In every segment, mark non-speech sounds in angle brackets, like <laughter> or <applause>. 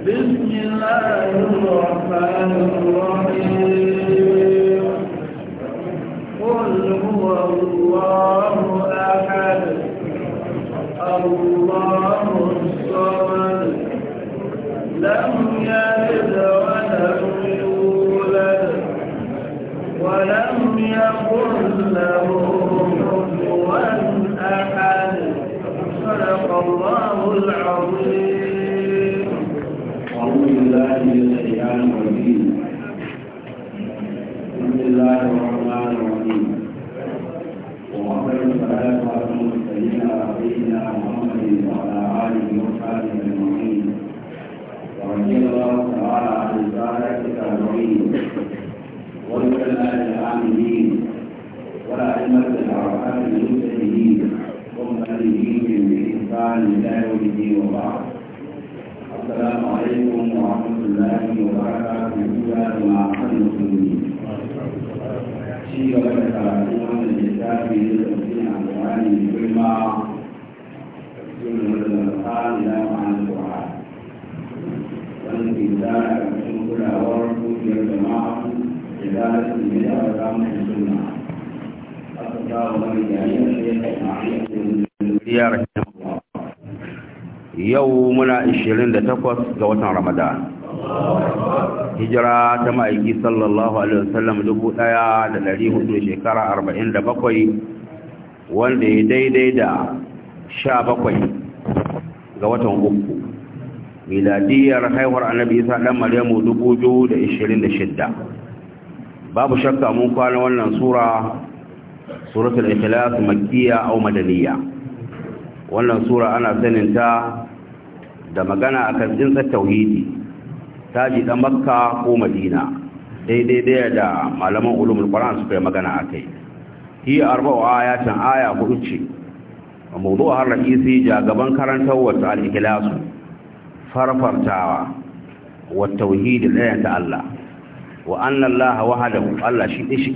بسم الله الرحمن الرحيم قل هو الله أحد الله yau muna 28 ga watan ramadan hijira ta ma'aiki sallallahu alaihi wasallam dubu ɗaya da dari hudu shekara arba'in da bakwai wanda ya daidai da sha bakwai ga watan uku miladiyar haihuwar annabi isa Dan maryamu dubu biyu da ishirin da shidda babu shakka mun kwana wannan sura suratul ikhlas makkiya au madaniya wannan sura ana sanin ta da magana a kan jintsar tauhidi ta ji ɗan makka ko madina daidai daya da malaman ulumul ƙwaran suka kai magana a kai hi arba'u can aya hudu ce a mawudu har raƙisi ja gaban karantar wata al'ikilasu farfartawa wa tauhidi ɗayan ta Allah wa annan laha Allah shi ɗishi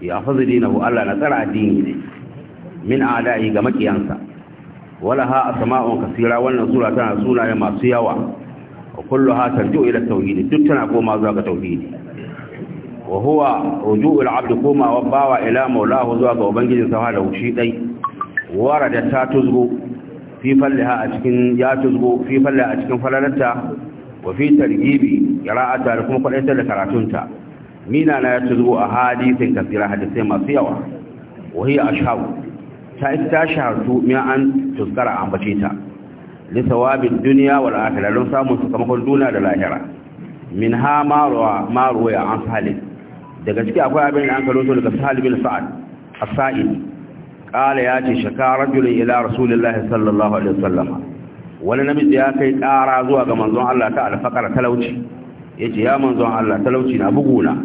ya fi dinahu Allah na tsara addini ne min a'da'i ga makiyansa wala ha asma'un kasira wannan sura tana sunaye masu yawa wa kulluha tarji'u ila tauhid duk tana koma zuwa ga tauhidi wa huwa ruju'ul 'abd koma wa bawa ila maulahu zuwa ga ubangijin sa da wuci dai warada ta tuzgo fi fallaha a cikin ya tuzgo fi fallaha a cikin falalarta wa fi targibi qira'ata da kuma kwadaitar da karatunta mina na ya tuzgo a hadisin kasira hadisai masu yawa wa hiya ashabu ta ita shahartu min an tuskara an bace ta li sawabin duniya wal akhirah don samun sakamakon duna da lahira min ha marwa marwa ya an salih daga ciki akwai abin da an karo to daga salih bin sa'ad as-sa'id qala ya ce shaka rajul ila rasulillahi sallallahu alaihi wasallam wani namiji ya kai ƙara zuwa ga manzon Allah ta alfaqara talauci yace ya manzon Allah talauci na buguna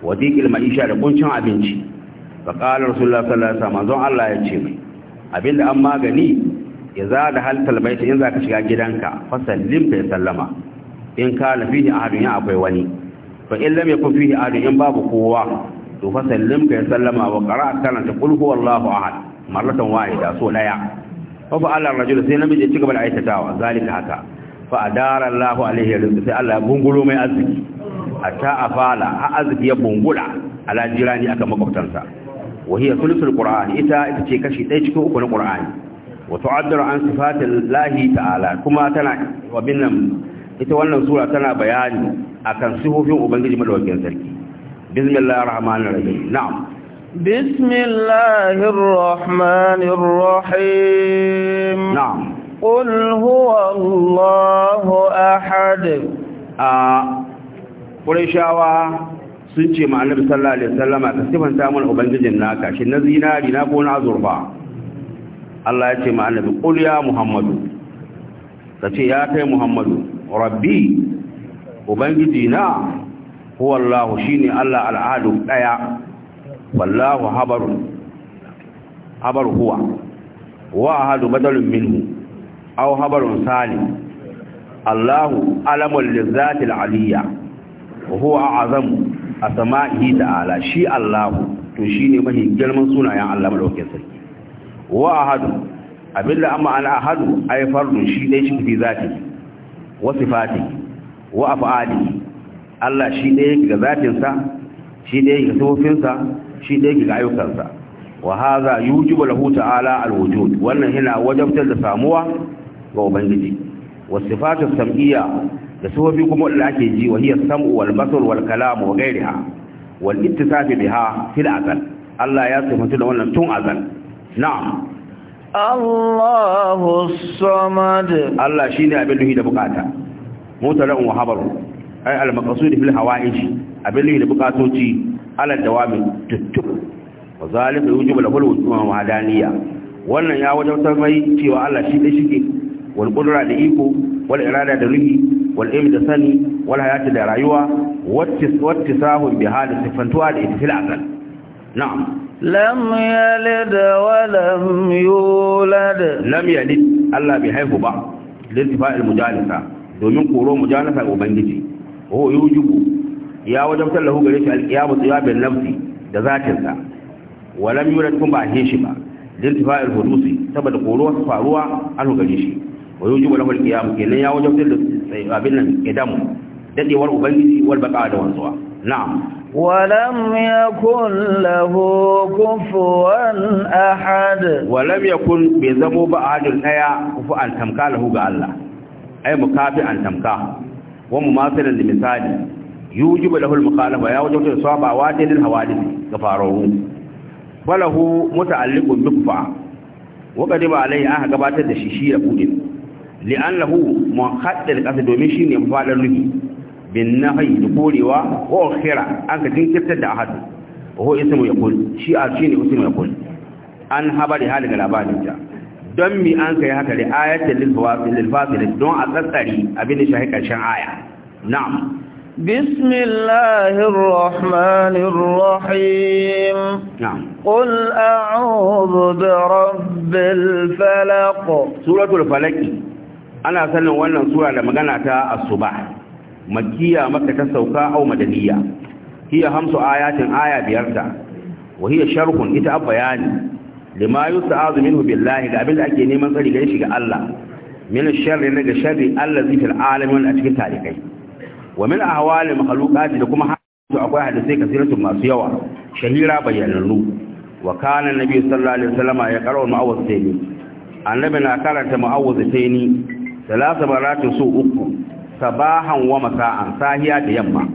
wa ma'isha da kuncin abinci faƙalar rasulullah sallallahu alaihi wasallam zon Allah ya ce mai abinda an magani ya za da haltal baita in za ka shiga gidanka fasallin ka ya sallama in ka lafi da ahadun ya akwai wani fa in lam yakun fihi ahadun in babu kowa to fasallin ka ya sallama wa qara'a karanta qul huwallahu ahad marratan wahida so daya fa fa'ala ar-rajul sai namiji ya ci gaba da aikatawa zalika haka fa adara Allah alaihi rizqi sai Allah ya bungulo mai arziki hatta afala ha arziki ya bungula ala jirani aka makwabtansa وهي ثلث القرآن إتا إتشي كشي تيشكو أكون القرآن وتعبر عن صفات الله تعالى كما تنا وبنم إتوانا سورة تنا بيان أكن سهوفهم أبنجي مدوكين سركي بسم الله الرحمن الرحيم نعم بسم الله الرحمن الرحيم نعم قل هو الله أحد آه قل شاوه sun ce ma annabi sallallahu alaihi wasallama ka sifanta mana ubangijin naka Shin na zinari na ko na azurfa Allah ya ce ma annabi qul ya muhammadu ka ce ya kai muhammadu rabbi ubangiji na huwa Allah shine Allah al-ahad daya wallahu habaru habar huwa wa ahadu badalun minhu aw habarun salim Allah alamul lizati al-aliyya wa huwa azamu a sama'i ta'ala shi Allahu to shine mahi girman sunayen Allah madaukakin sarki wa ahadu da amma al ahadu ay fardu shi ɗaya shi bi zati wa sifati wa af'ali Allah shi ɗaya ga zafinsa shi ɗaya ga sifofin shi ɗaya ga ayyukansa sa wa hadha yujibu lahu ta'ala al wannan yana wajabtar da samuwa ga ubangiji wa sifatu sam'iyya da su sufofi kuma wadda ake ji wa hiya sam'u wal basar wal kalam wa ghayriha wal ittisaf biha fil azal Allah ya sifatu da wannan tun azal na'am Allahu samad Allah shine abin duhi da bukata mutalan wa habaru ay al maqsud fil hawaij abin duhi da bukatoci ala dawami tuttu wa zalika yujibu lahu al wujud wa wannan ya wajabtar mai cewa Allah shi dai shike wal qudra da iko wal irada da ruhi wal da sani wal hayati da rayuwa wattisahun bi hali sifantuwa da ita fil asal na'am lam yalid wa lam yulad lam Allah bai haihu ba lirtifa'il mujalisa domin koro mujalisa ubangiji oh yujubu ya wajabtar lahu gare shi alqiyamu tsiyabin nafsi da zatinsa wa lam yulad kun ba shi ba lirtifa'il hudusi saboda koro faruwa an shi wa ya Eh, abin nan idamu dadewar ubangiji wal baka da wanzuwa na'am Walam ولم يكن له كفوا احد ولم يكن بيزمو بعد الايا كفوا tamka له ga Allah ai mukafi an tamka wa mumathilan li misali yujibu lahu al mukhalafa ya wajhu saba wa dalil hawadith ga farawu falahu muta'alliqun bi kufa wa qadima alai aka gabatar da shi shi ya kudin لأنه منخط القصد ومن شيء ينفعل له بالنهي لقولها وأخيرا أنك تنكتب أحد وهو اسمه يقول شيء شيء اسمه يقول أن هبر هذا الأباد don دمي أنك kai haka da ayatul lilfasil don a tsatsari abin da shahi karshen aya na'am بسم الله الرحمن الرحيم نعم قل أعوذ برب الفلق سورة الفلق ana sanin wannan sura da magana ta asuba makkiya maka ta sauka au madaniya hiya hamsu ayatin aya biyarta wa hiya sharhun ita bayani lima yusta'azu minhu billahi da abin da ake neman tsari gare shi ga Allah min sharri daga sharri allazi fil alamin a cikin talikai wa min ahwali makhluqati da kuma to akwai hadisai kasiratun masu yawa shahira bayyanannu wa kana nabi sallallahu alaihi wasallam ya karo mu'awwaz annabi na karanta mu'awwaz talata maratin su uku sabahan wa masa'an sahiya da yamma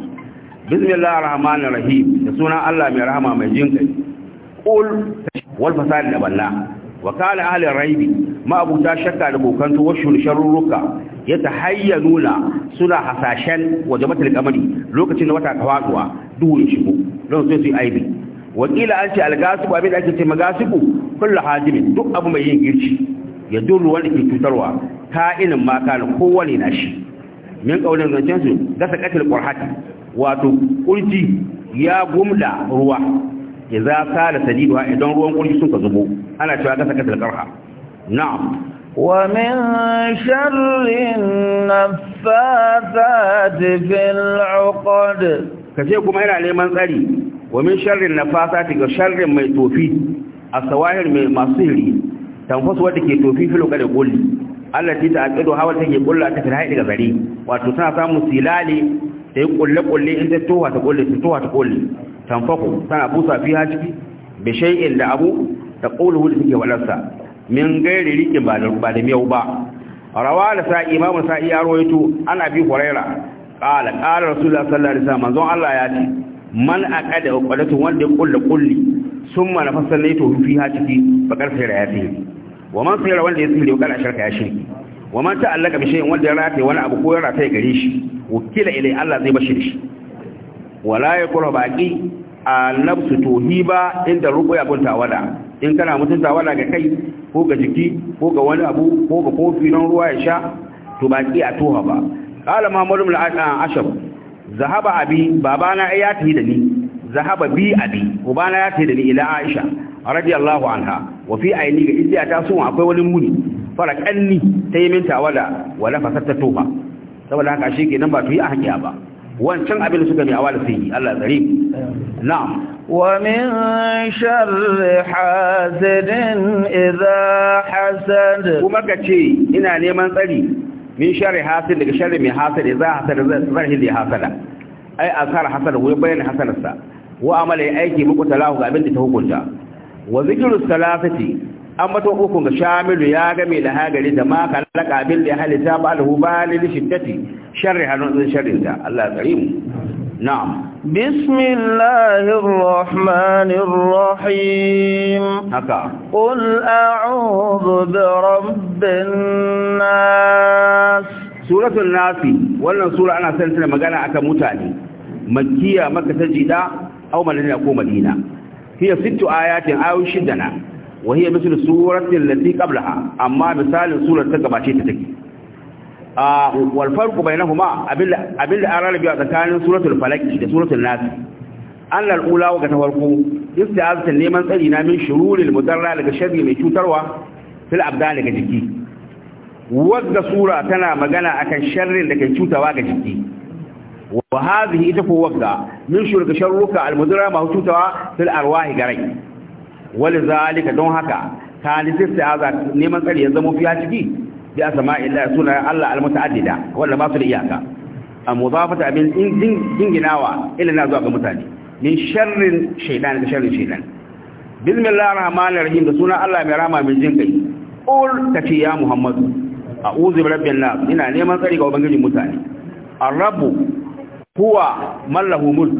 bismillahir rahmanir rahim da sunan Allah mai rahama mai jinkai qul wal fasad da balla wa kana ahli raibi ma abuta shakka da bokanto ta shurruka nuna suna hasashen wajabatul qamari lokacin da wata kawaduwa duhu ya shigo don sai aibi wakila an ce algasibu abin da ake ce ma magasibu kullu hajimin duk abu mai yin girci ya duru wanda ke cutarwa ka'inin maka na kowane na shi min ƙaunar zancen su da ƙasar qurhati wato kurji ya gumda ruwa idza da sadiduha idan ruwan kurji sun ka zubo ana cewa da ƙasar ƙarha, na'am wa min sharri nafathati fil 'uqad kace kuma yana neman tsari wa min sharri ga sharrin mai tofi a sawahir mai masu hiri tanfasu wadda ke tofi filo kada Allah allati ta aqidu hawa take kulla ta fara daga gari wato tana samun silali ta yi kulle kulle in ta towa ta kulle ta towa ta kulle tanfaku tana busa fi ha ciki bi shay'in da abu ta qulu da suke walarsa min gairi rikin ba da ba miyau ba rawa da sa imamu sa iya rawaito ana bi huraira qala qala rasulullah sallallahu alaihi wasallam manzon Allah ya ce man aqada uqadatun wanda ya kulle kulli summa nafasalaitu fi ha ciki bakar sai ya ce wa man sayara wanda ya tsire kala shirka ya shirki wa man ta'allaka bi shay'in wanda ya rataye wani abu ko ya rataye gare shi wakila ilai Allah zai bashi shi wala yakuru baqi annabsu ba inda ya kunta wada, in kana mutunta wada ga kai ko ga jiki ko ga wani abu ko ga kofi don ruwa ya sha to baƙi a toha ba qala mahmud ibn al-ashab zahaba abi babana tafi da ni zahaba bi abi ubana ya da ni ila aisha radiyallahu anha wa fi aini ga iziya ta sun akwai wani muni fara kanni ta yi minta wala wala ta tofa saboda haka shi kenan ba tu yi a hakiya ba wancan abin suka mai awala sai yi Allah tsare na'am wa min sharri hasidin idza hasad kuma kace ina neman tsari min sharri hasid daga sharri mai hasad idza hasad zarhi da hasada ai asar hasada wai bayan hasadarsa wa amala aiki muku talahu ga abin da ta hukunta wa zikiru salafati an bata uku ga shamilu ya game da hagari da maka laka bil da halita ba alhu ba lil shiddati sharri hanun sharrin ta Allah karim na'am bismillahir rahmanir rahim haka qul a'udhu bi rabbin nas suratul nafi wannan sura ana sanin magana akan mutane Makiya, makka tajida aw ko madina hiya sittu ayatin ayu shidana wa hiya misl suratil lati qablaha amma misalin surar ta gabace ta take ah wal farqu bainahuma abil abil arabi tsakanin suratul falaq da suratul nas an al'ula wa ta farko istiazatan neman tsari na min shururil mudarra daga sharri mai cutarwa fil abdan daga jiki wadda sura tana magana akan sharrin da ka cutarwa ga jiki wa hadhihi ita ko wagga min shurga sharruka almudira ma hututawa fil arwahi garai walizalika don haka kalisi sa'aza neman tsari ya zama fiya ciki bi asma'illah suna Allah almutaaddida wanda ba su da iyaka amudafata abin dinginawa ila na zuwa ga mutane min sharrin shaytan da sharrin shaytan bismillahir rahmanir rahim da suna Allah mai rama mai jin kai qul kace ya muhammadu a'udhu bi rabbin nas ina neman tsari ga ubangijin mutane huwa mallahu mulk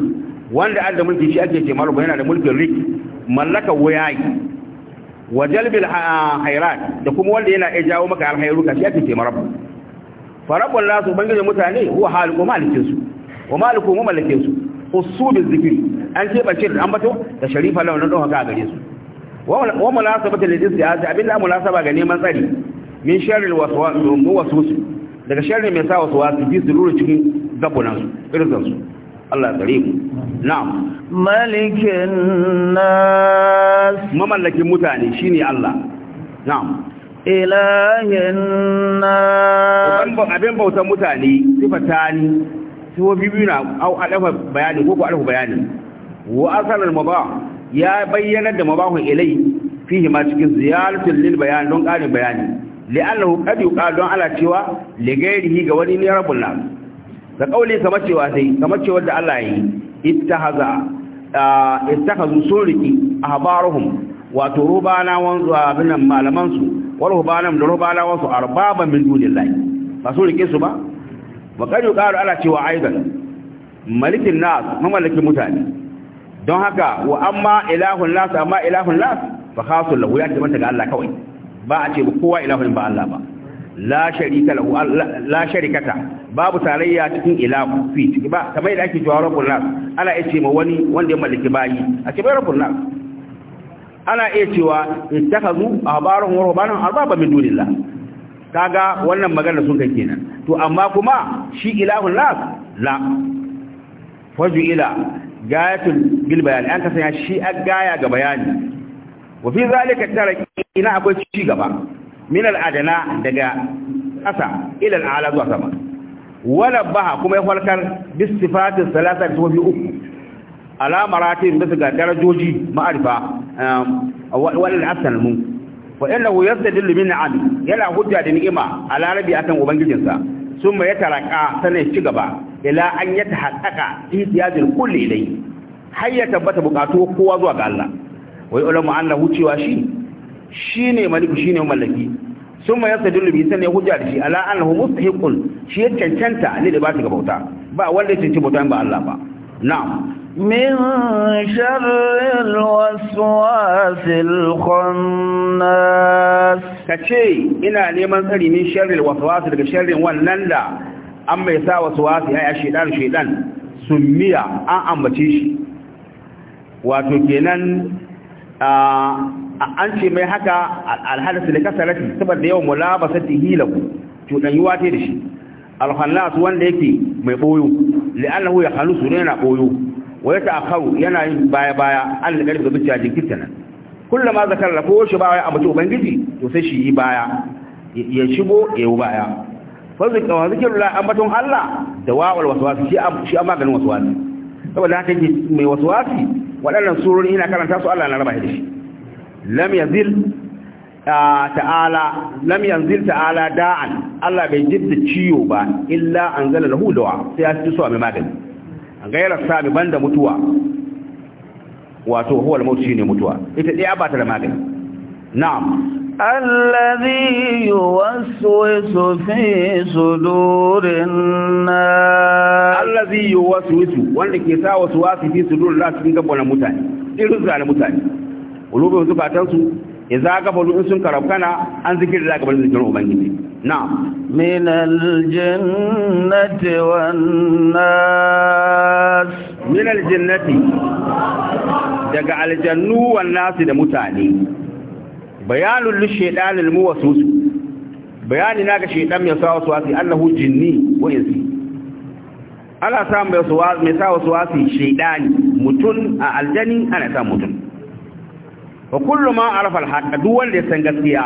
wanda adda mulki shi ake ce mallahu yana da mulkin rik mallaka wayayi wa jalbil ah, hayrat da kuma wanda yana iya jawo maka alhairuka shi ake ce marabbu fa rabbul nas ubangijin mutane huwa haliku malikin su wa maliku mu malikin su usul zikri an ce bashir an bato da sharifa lawan don haka gare su wa mulasabatu lil istiaza abinda saba ga neman tsari min sharri waswas wasu waswas daga sharri mai sa waswas bi zururi cikin gabunan su Allah gare mu na'am malikin nas mamallakin mutane shine Allah na'am ilahin nas abin bautan mutane sifatani siwo bibiyu na au alafa bayani ko ko alafa bayani wa ma ba ya bayyana da mabahun ilai fihi ma cikin ziyaratul lil bayan don ƙarin bayani li'annahu qad yuqalu ala cewa li ghairihi ga wani ne rabbul nas da kauli kamar cewa dai kamar cewa da Allah yi ittahaza ittakhazu suriki ahbaruhum wato rubana wanzu abinan malaman su wal rubanam da rubana wasu arbaba min dunillahi ba su rike su ba wa kad yuqalu ala cewa aidan malikin nas mamalikin mutane don haka wa amma ilahun nas amma ilahun nas fa khasul lahu ya ta ga Allah kawai ba a ce kowa ilahun ba Allah ba la sharika lahu la sharikata babu tarayya cikin ilahu fi ciki ba kamar da ake cewa rabbul nas ana iya cewa wani wanda ya mallaki bayi a ce bai rabbul nas ana iya cewa ittakhadhu abaran wa rubanahum arbaba min dunillah kaga wannan magana sun kai kenan to amma kuma shi ilahu nas la faju ila gayatul bil bayan an kasanya shi a gaya ga bayani wa fi zalika tarayya ina akwai ci gaba min al'adana daga ƙasa ilal ala zuwa sama wala baha kuma ya farkar bistifatin salasa da tuwafi uku alamaratin bisa ga darajoji ma'arifa um, wadda asan mu wa da yastadillu min na'am yana hujja da ni'ima ala rabi akan ubangijinsa summa yataraka sanai ci gaba ila an yatahaqqaqa ihtiyajul kulle ilayhi har ya tabbata bukatu kowa zuwa ga Allah wai ulama Allah wucewa shi shine maliku shine mallaki sun mayar yasa dullu bi sanne hujja da shi ala annahu mustahiqun shi ya cancanta ne da ba ta bauta ba wanda ya cancanta bauta ba Allah ba na'am min sharril waswasil khannas kace ina neman tsari min sharril waswas daga sharrin wannan da an mai sa waswasi ya shedan shedan summiya an ambace shi wato kenan a an ce mai haka alhadisu da kasarati saboda yawan mulabasati hilahu yi ta da shi alhallas wanda yake mai ɓoyo, la'allahu ya halusu ne yana ɓoyo, wa ta ta'akharu yana yin baya baya an da karfi ga zuciya jinkirta nan ma zakar la ko ba wai a mutu ubangiji to sai shi yi baya ya shigo ya yi baya fazika wa zikirullah ambaton Allah da wawal waswasi shi shi amma ganin waswasi saboda haka yake mai waswasi waɗannan surori ina karanta su Allah na raba shi da shi lam yazil ah, ta'ala lam yanzil ta'ala da'an Allah bai jidda ciwo ba illa anzala lahu dawa sai ya ci so mai magani an gaira sami banda mutuwa wato huwa al-maut shine mutuwa ita dai ba da magani na'am الذي يوسوس في صدور الناس الذي يوسوس wanda ke sa wasu wasu fi sudur Allah cikin gaban mutane irin ulubin su idza gabalu in sun karabkana an zikir da gabalu zikir ubangiji na'am min aljannati wan nas min aljannati daga aljannu wan nas da mutane bayanul lishaytanil muwaswis bayani na ga shaytan mai sawa wasu wasi annahu jinni wa insi ana samun mai sawa wasu wasi shaytani mutun a aljani ana samu mutun wa kullu ma arafa al-haqqa duk wanda ya san gaskiya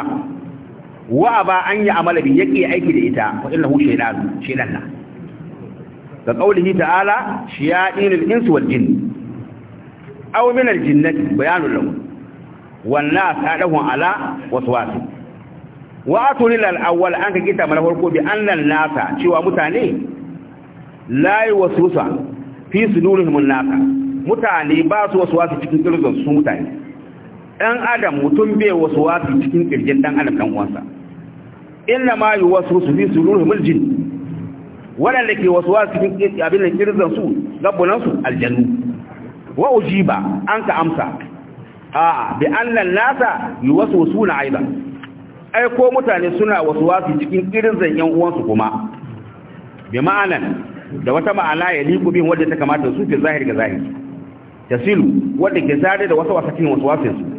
wa ba an yi amala bi yake aiki da ita fa innahu shaytan shaytan na da qaulihi ta'ala shiyatin al-insu wal jinn aw min al-jinnati bayanu lahu wan nas adahu ala waswasi wa atul al-awwal an kita mala farko bi anna nasa cewa mutane la yuwasusa fi sudurihim an-nasa mutane ba su waswasi cikin kirgan su mutane ɗan adam mutum bai wasu wasu cikin ƙirjin ɗan adam ɗan uwansa inna ma yi wasu su fi surur muljin waɗanda ke wasu wasu cikin abin da kirzan su gabunan su aljanu wa ba, an ka amsa a'a bi annan nasa yi wasu wasu na aiba ai ko mutane suna wasu wasu cikin kirzan 'yan uwansu kuma bi ma'anan da wata ma'ana ya liku bin wadda ta kamata su fi zahiri ga zahiri tasilu wadda ke zare da wasu wasakin wasu wasinsu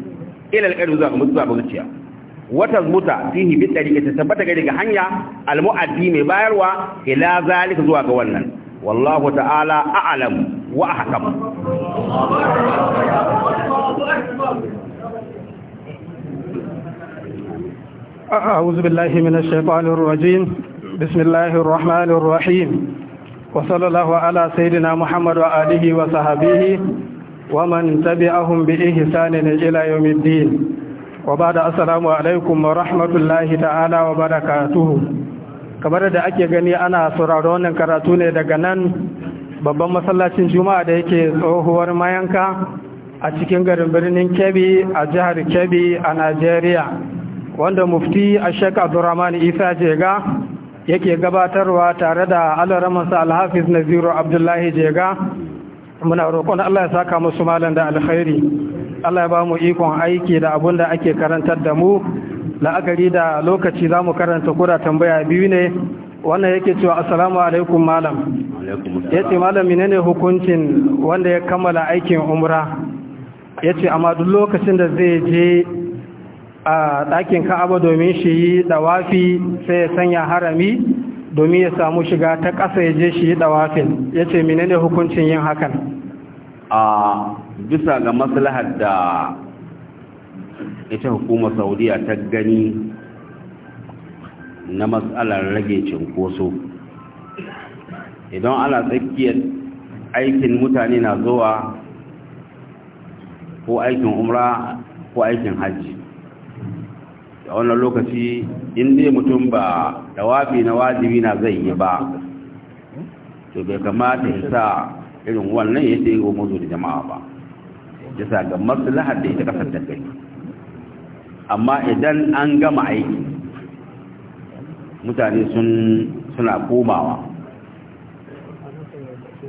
ila alƙalbi zuwa ga mutuwa ga zuciya wata zuta fihi bi tsari ta tabbata ga daga hanya almu'addi mai bayarwa ila zalika zuwa ga wannan wallahu ta'ala a'lam wa ahkam أعوذ بالله من الشيطان الرجيم بسم الله الرحمن الرحيم وصلى الله على سيدنا محمد وآله وصحبه ومن تبعهم بإحسان إلى يوم الدين وبعد السلام عليكم ورحمة الله تعالى وبركاته kamar da ake gani ana sauraro wannan karatu ne daga nan babban masallacin juma'a da yake tsohuwar mayanka a cikin garin birnin kebbi a jihar kebbi a najeriya wanda mufti a shek abdurrahman isa jega yake gabatarwa tare da alaramansa alhafiz naziru abdullahi jega muna roƙon Allah ya saka musu malam da alkhairi Allah ya ba mu ikon aiki da abun da ake karantar da mu la'akari da lokaci za mu karanta kura tambaya biyu ne wannan yake cewa assalamu alaikum malam ya ce malam menene hukuncin wanda ya kammala aikin umra ya ce amma duk lokacin da zai je a ɗakin ka'aba domin shi yi ɗawafi sai ya sanya harami domin ya samu shiga ta ƙasa ya je shi yi ɗawafin ya ce ne hukuncin yin hakan a bisa ga maslahar da ita hukumar saudiya ta gani na matsalar rage cinkoso idan ana tsakiyar aikin mutane na zuwa ko aikin umra ko aikin hajji a wannan lokaci in dai mutum ba wafi na wajibi na zai yi ba to bai kamata ya sa irin wannan ya tsaye wa da jama'a ba ya sa ga lahar da ita kasar da amma idan an gama aiki mutane suna komawa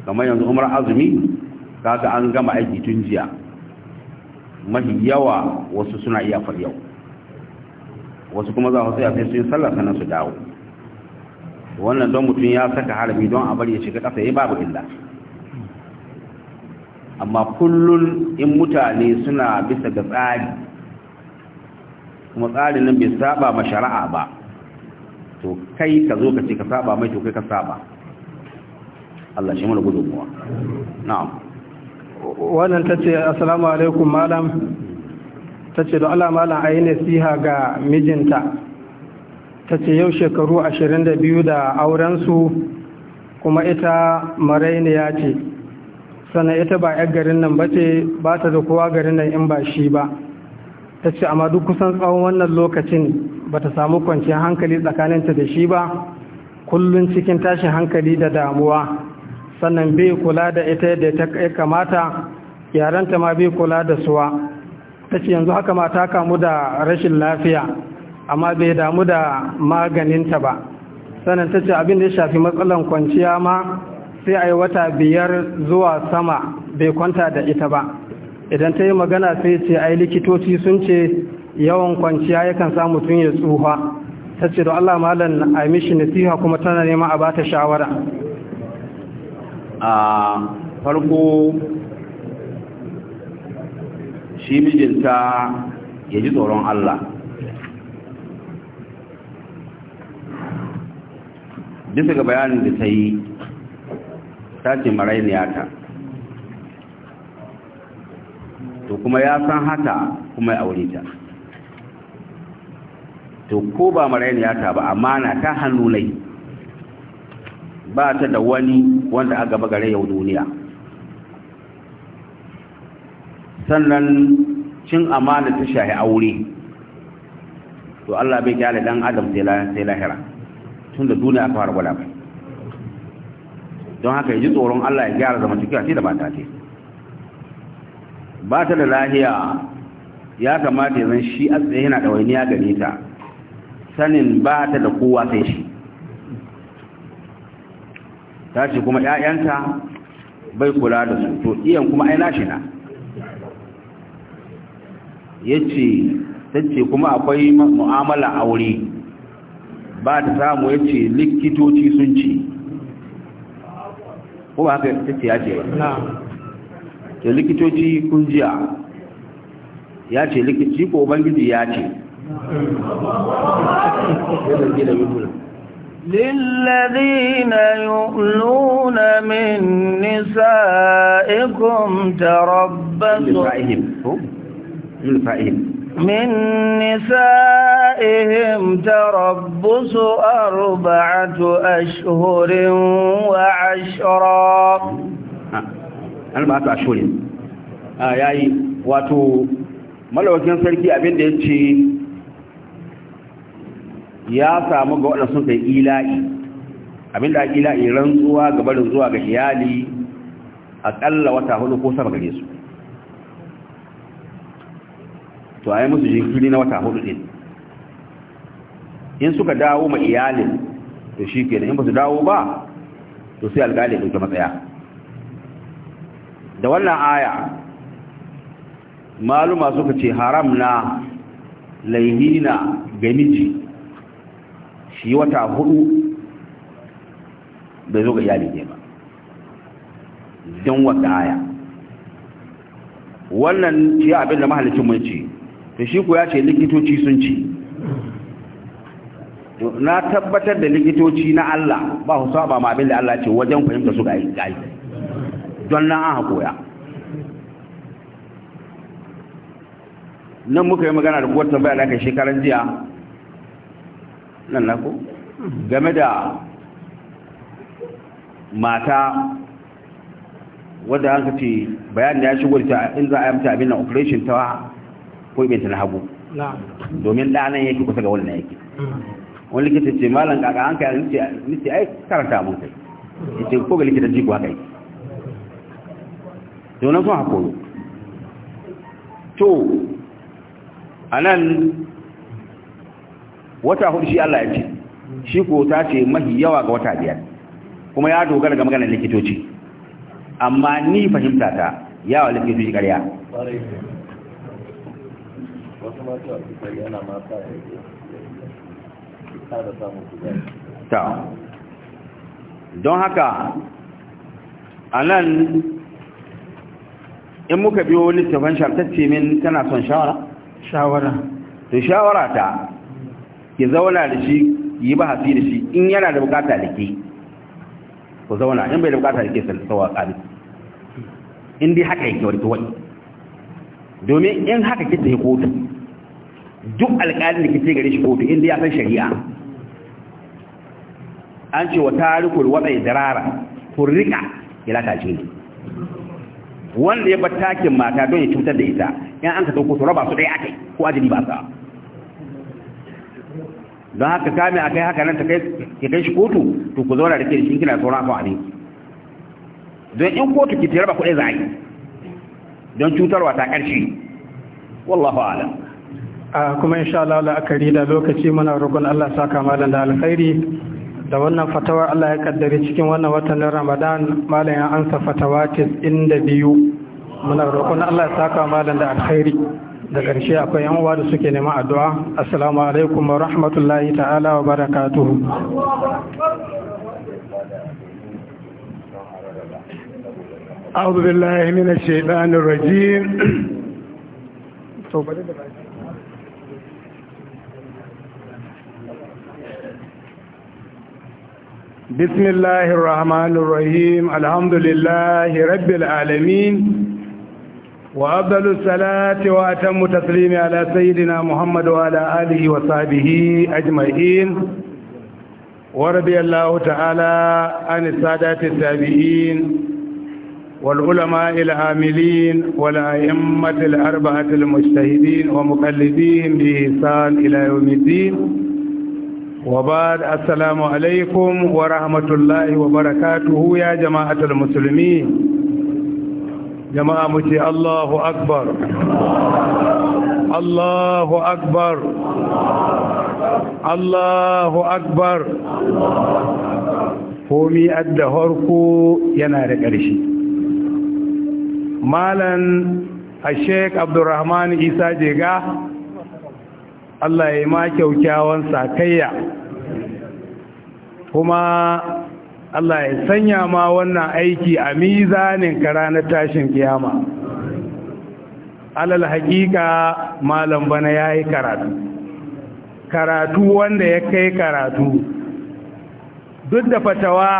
kamar yanzu umar azumi kaga an gama aiki tun jiya mahi yawa wasu suna iya far yau wasu kuma za su wasu sai sun sallah sannan su dawo wannan don mutum ya saka harbi don a bari ya shiga ƙasa ya babu illa amma kullun in mutane suna bisa ga tsari kuma tsarin nan bai saba ma shari'a ba to kai ka zo ka ce ka saba mai to kai ka saba Allah shi mana gudunmuwa na'am wannan tace assalamu alaikum malam ta ce da Allah a yi nasiha ga mijinta ta ce yau shekaru ashirin da biyu da aurensu kuma ita marainiya ce sannan ita ba 'yar garin nan ba ce ba ta da kowa garin nan in ba shi ba ta ce amma duk kusan tsawon wannan lokacin ba ta samu kwanciyar hankali tsakaninta da shi ba kullum cikin tashin hankali da damuwa sannan bai kula da ita yadda ya kamata Yaren ta ma bai kula da suwa ta ce yanzu haka ma kamu da rashin lafiya amma bai damu da maganinta ba sannan ta ce abin da ya shafi matsalan kwanciya ma sai a yi wata biyar zuwa sama bai kwanta da ita ba idan ta yi magana sai ce ai likitoci sun ce yawan kwanciya yakan sa mutum ya tsuha ta ce da allah malam a mishi nasiha kuma tana nema a ba ta shawara farko shi mijinta ya ji tsoron Allah bisa ga bayanin da ta yi ta ce marainiyata to kuma ya san haka kuma ya aure ta to ko ba marainiyata ba amana ta hannu lai ba ta da wani wanda aka gaba gare yau duniya sannan cin amana ta shahi aure to Allah bai kyale dan adam sai lahira tun da duniya aka fara gwada don haka ya tsoron Allah ya gyara zamantakewa sai da mata ce ba ta da lahiya ya kamata yanzu shi a tsaye yana ya gare ta sanin ba ta da kowa sai shi ta ce kuma ‘ya'yanta bai kula da su to iyan kuma ai nashi na yace tace kuma akwai mu'amala aure ba ta samu yace likitoci sun ce ko haka tace ya ce na'am to likitoci kun jiya ya ce likitoci ko bangiji ya ce للذين يؤلون من نسائكم تربصوا نسائهم من نسائهم تربص أربعة أشهر وعشرا أربعة أشهر yayi wato malawakin sarki abin da ya ce ya samu ga waɗanda sun ila'i abin da ila'i rantsuwa ga barin zuwa ga iyali aƙalla wata hudu ko sama su to a yi musu jinkiri na wata hudu din in suka dawo ma iyalin to shi kenan in ba su dawo ba to sai alƙali ɗauke matsaya da wannan aya maluma suka ce haram na laihina ga miji shi wata hudu bai zo ga iyali ne ba don wata aya wannan shi abin da mahallicin mun ce to shi ku ya ce likitoci sun ci na tabbatar da likitoci na Allah ba su saba ma abin da Allah ce wajen fahimta su ga yi don nan aka koya nan muka yi magana da kuwar tambaya da aka shekaran jiya nan na game da mata wadda an ka ce bayan da ya shigo ta in za a yi mata abin na operation ta ko ibe na hagu domin nan yake kusa ga wannan yake mm. wani likita ce malam kaka an kai nufi ai karanta mun kai mm. ce ko ga likita jiko haka yi na sun haƙoyo to a nan wata hudu shi Allah ya ce shi ko ta ce mahi yawa ga wata biyar kuma ya dogara ga maganar likitoci amma ni fahimta ta yawa likitoci ƙarya wasu masu ya yi ta da don haka a nan in muka biyo littafin shartacce min tana son shawara? shawara to shawara ta ki zauna da shi yi ba hafi da shi in yana da bukata da ke ku zauna in bai da bukata da ke sawa tsari in dai haka yake wani domin in haka kita yi kotu duk alƙalin da ke gare shi kotu inda ya san shari'a an ce wa tarikul wadai darara furrika ya latace ne wanda ya bar takin mata don ya cutar da ita in an ka dauko su raba su ɗaya akai ko ajini ba sa don haka kame akai haka nan ta kai ki kai shi kotu to ku zauna da ke kina sauran kan abin don in kotu ki ta raba kuɗi za a don cutarwa ta ƙarshe wallahu a'lam kuma insha Allah la'akari da lokaci muna roƙon Allah saka malam da alkhairi da wannan fatawar Allah ya kaddari cikin wannan watan Ramadan malam ya ansa fatawa biyu. muna roƙon Allah saka malam da alkhairi da ƙarshe akwai yan uwa da suke neman addu'a assalamu alaikum wa rahmatullahi ta'ala wa barakatuhu أعوذ بالله من الشيطان الرجيم بسم الله الرحمن الرحيم الحمد لله رب العالمين وأفضل الصلاة وأتم تسليم على سيدنا محمد وعلى آله وصحبه أجمعين ورضي الله تعالى عن السادات التابعين والعلماء العاملين والأئمة الأربعة المجتهدين ومقلدين بإحسان إلى يوم الدين وبعد السلام عليكم ورحمة الله وبركاته يا جماعة المسلمين جماعة متي الله أكبر الله أكبر الله أكبر komi adda harko yana da ƙarshe malan a sheik abdurrahman isa jega Allah ya yi ma kyaukyawan sakayya kuma Allah ya sanya ma wannan aiki a mizanin na tashin kiyama alal hakika malam bana ya yi karatu karatu wanda ya kai karatu duk da fatawa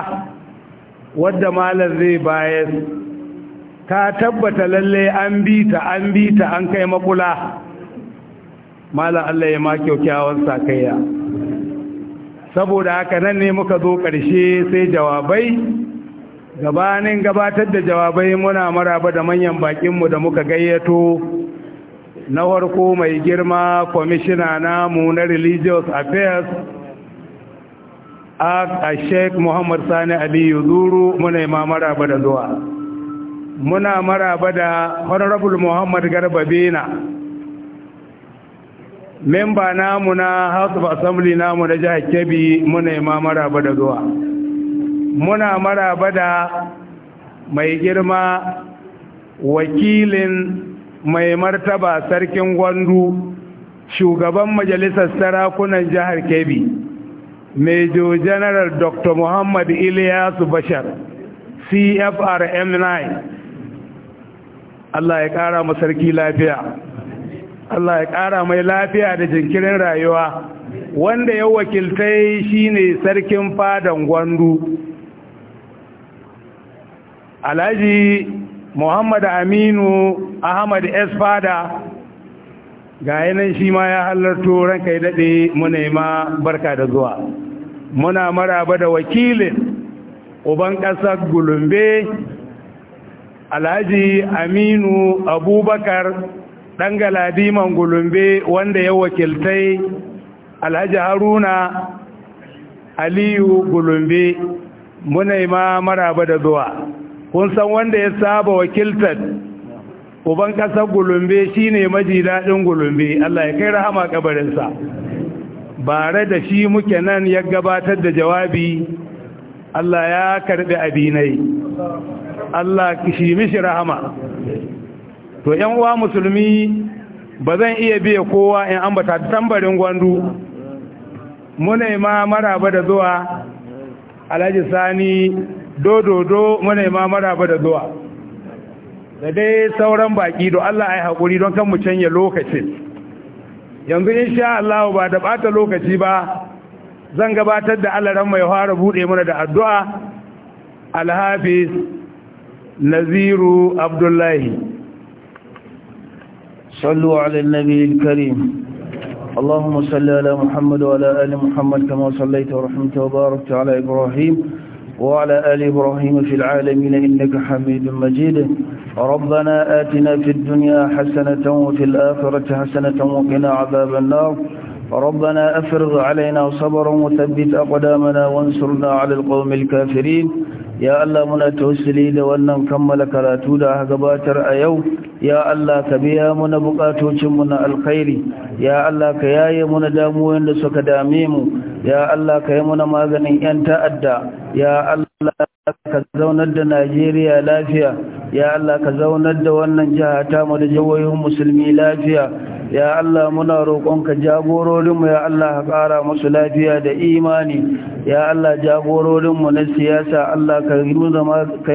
wadda malam zai bayar ka tabbata lalle an bi ta an bi ta an kai makula mala Allah ya ma kyakkyawan sakayya saboda haka nan ne muka zo ƙarshe sai jawabai gabanin gabatar da jawabai muna maraba da manyan bakinmu da muka gayyato na harko mai girma kwamishina namu na religious affairs a sheik muhammad sani aliyu zuru muna yi maraba da zuwa muna maraba da honorable muhammad garba bena memba namu na house of assembly namu na jihar kebbi muna ma maraba da zuwa muna maraba da mai girma wakilin mai martaba sarkin gwandu shugaban majalisar sarakunan jihar kebbi major general dr muhammad ilyasu bashar cfrm 9 allah ya kara masarki lafiya Allah ya ƙara mai lafiya da jinkirin rayuwa wanda ya wakiltai shine sarkin fadan gwandu alhaji Muhammadu aminu ahmad s fada ga yanayin shi ma ya halarto ranka ya daɗe muna ma barka da zuwa muna maraba da wakilin uban ƙasar gulumbe alhaji aminu abubakar ɗan galadiman gulumbe wanda ya wakiltai alhaji haruna aliyu gulumbe muna ma maraba da zuwa kun san wanda ya saba wakiltar uban ƙasar gulumbe shine maji daɗin gulumbe allah ya kai rahama kabarinsa bare da shi muke nan ya gabatar da jawabi allah ya karɓi abinai allah shi mishi rahama to yan uwa musulmi ba zan iya biya kowa in ambata tambarin gwandu muna ma maraba da zuwa alhaji sani dododo muna ma maraba da zuwa da dai sauran baki don Allah ai haƙuri don kan mu canye lokacin yanzu insha Allah ba da bata lokaci ba zan gabatar da alaran mai fara bude mana da addu'a alhafiz naziru abdullahi صلوا على النبي الكريم اللهم صل على محمد وعلى آل محمد كما صليت ورحمت وباركت على إبراهيم وعلى آل إبراهيم في العالمين إنك حميد مجيد ربنا آتنا في الدنيا حسنة وفي الآخرة حسنة وقنا عذاب النار ربنا أفرغ علينا صبرا وثبت أقدامنا وانصرنا على القوم الكافرين ya Allah muna tausili da wannan kammala karatu da aka gabatar a yau ya Allah ka biya muna bukatocinmu na alkhairi ya Allah ka yaye muna damuwoyin da suka dame mu ya Allah ka yi muna maganin 'yan ta'adda ya Allah ka zaunar da Najeriya lafiya ya Allah ka zaunar da wannan jiha ta mu da jihohin musulmi lafiya ya Allah muna roƙonka jagororinmu ya Allah ka ƙara musu lafiya da imani ya Allah jagororinmu na siyasa Allah ka yi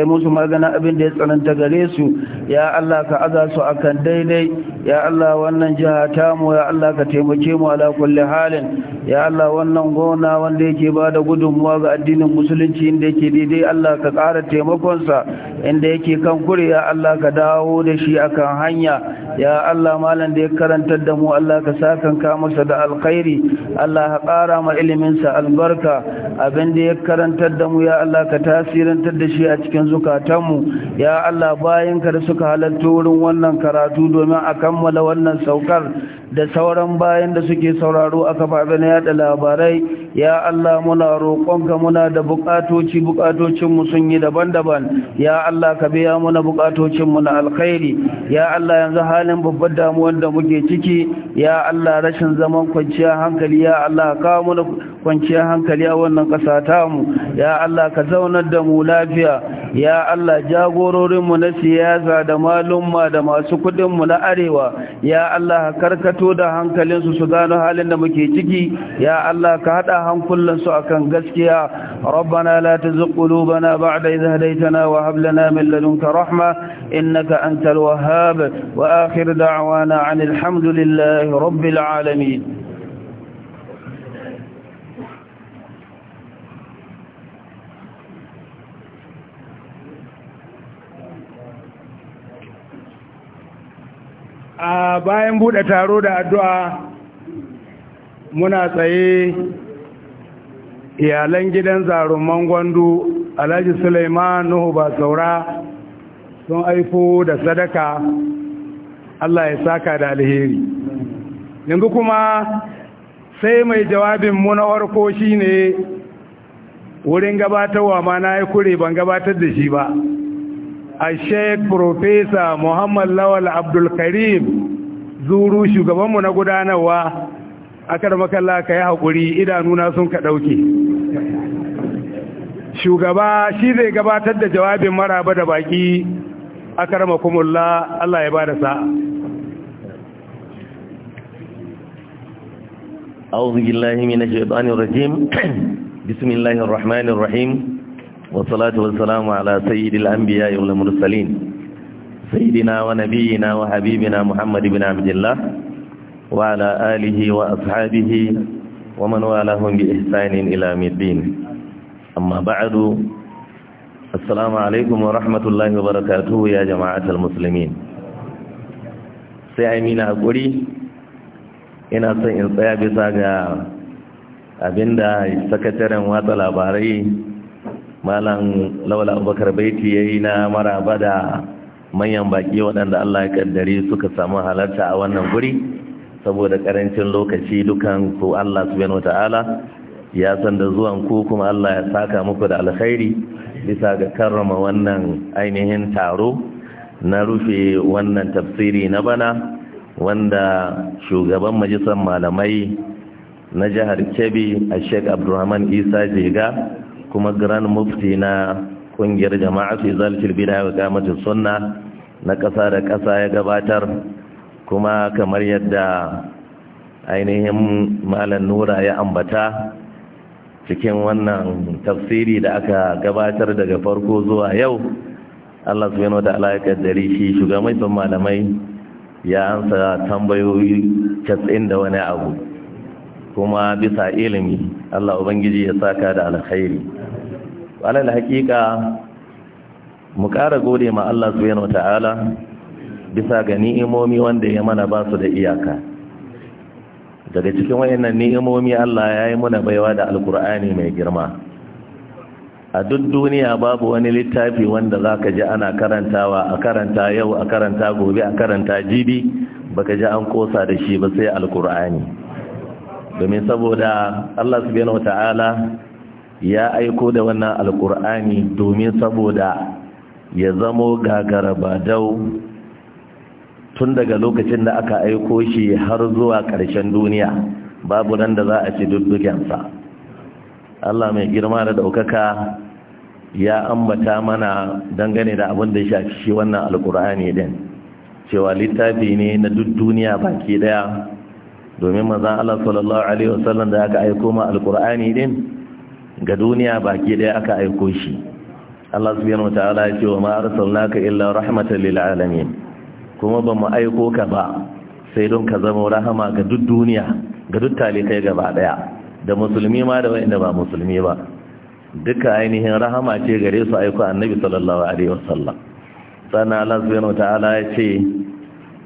musu magana abin da ya tsananta gare su ya Allah ka aza su akan daidai ya Allah wannan jiha tamu ya Allah ka taimake mu ala kulli halin ya Allah wannan gona wanda yake ba da gudunmuwa ga addinin musulunci inda yake daidai Allah ka ƙara taimakonsa inda yake kan kure ya Allah ka dawo da shi akan hanya ya Allah malam da ya karanta ilmantar da mu Allah ka sakan ka masa da alkhairi Allah ka ƙara ma iliminsa albarka abin da ya karantar da mu ya Allah ka tasirantar da shi a cikin zukatan mu ya Allah bayan ka da suka halarta wurin wannan karatu domin a kammala wannan saukar da sauran bayan da suke sauraro a na yada labarai ya Allah muna roƙonka muna da buƙatoci buƙatocin mu sun yi daban-daban ya Allah ka biya muna buƙatocin mu na alkhairi ya Allah yanzu halin babbar damuwar da muke ciki ya Allah rashin zaman kwanciyar hankali ya Allah ka muna kwanciyar hankali a wannan ƙasa mu ya Allah ka zaunar da mu lafiya ya Allah jagororin mu na siyasa da malumma da masu kuɗin mu na arewa ya Allah ka karkata fito da hankalinsu su gano halin da muke ciki ya Allah ka hada hankulansu akan gaskiya rabbana la tuzigh qulubana ba'da idh hadaytana wa hab lana min ladunka rahma innaka antal wahhab wa akhir da'wana 'anil hamdulillahi rabbil alamin a bayan buɗe taro da addu'a muna tsaye iyalan gidan zaruman gwandu alhaji suleiman nuhu ba saura sun aifo da sadaka allah ya saka da alheri yanzu kuma sai mai jawabin muna warko shi ne wurin gabatarwa ma na ya kure ban gabatar da shi ba a sheik profesa muhammad lawal abdulkarim zuru shugabanmu na gudanarwa a karmakalla ka yi haƙuri idanuna sun ka ɗauke shugaba shi zai gabatar da jawabin maraba da baƙi a karmakumulla allah ya ba da sa'a أعوذ بالله من الشيطان الرجيم بسم الله الرحمن الرحيم wasalatu wasalamu ala sayyidil anbiya wal mursalin sayyidina wa nabiyyina wa habibina muhammad ibn abdillah wa alihi wa ashabihi wa man walahum bi ihsanin ila middin amma ba'du assalamu alaikum wa rahmatullahi wa barakatuhu ya jama'atul muslimin sai amina hakuri ina son in tsaya bisa ga abinda sakataren watsa labarai malam laula abubakar baiti ya yi na maraba da manyan baki waɗanda allah ya kaddari suka samu halarta a wannan guri saboda karancin lokaci dukan ku allah subhanahu ta'ala ya san da zuwan ku kuma allah ya saka muku da alkhairi bisa ga karrama wannan ainihin taro na rufe wannan tafsiri na bana wanda shugaban majisar malamai na jihar kebbi a sheik abdulrahman isa jega kuma grand mufti na kungiyar jama'a fi zalfil bida wa kamatin sunna na ƙasa da ƙasa ya gabatar kuma kamar yadda ainihin malam nura ya ambata cikin wannan tafsiri da aka gabatar daga farko zuwa yau Allah subhanahu wa ta'ala ya kaddari shi shugaban malamai ya ansa tambayoyi 90 da wani abu kuma bisa ilimi Allah Ubangiji ya saka da alkhairi alal hakika mu ƙara gode ma Allah subhanahu wata'ala bisa ga ni'imomi wanda ya mana ba su da iyaka daga cikin wayannan ni'imomi Allah ya yi muna baiwa da alkur'ani mai girma a duk duniya babu wani littafi wanda zaka ji ana karantawa a karanta yau a karanta gobe a karanta jibi baka ji an kosa da shi ba sai alkur'ani domin saboda Allah subhanahu wata'ala ya aiko da wannan alkur'ani domin saboda ya zamo gagara badau tun daga lokacin da aka aiko shi har zuwa ƙarshen duniya babu nan da za a ci dukkansa Allah mai girma da ɗaukaka ya ambata mana dangane da abin da shafi shi wannan alkur'ani din cewa littafi ne na duk duniya baki daya domin manzan Allah sallallahu alaihi wasallam da aka aiko ma Alkur'ani din ga duniya baki daya aka aiko shi Allah subhanahu wataala ya ce wa ma arsalnaka illa rahmatan lil alamin kuma ba mu aiko ka ba sai don ka zama rahama ga duk duniya ga duk talikai gaba daya da musulmi ma da wanda ba musulmi ba duka ainihin rahama ce gare su aiko annabi sallallahu alaihi wasallam sannan Allah subhanahu ta'ala ya ce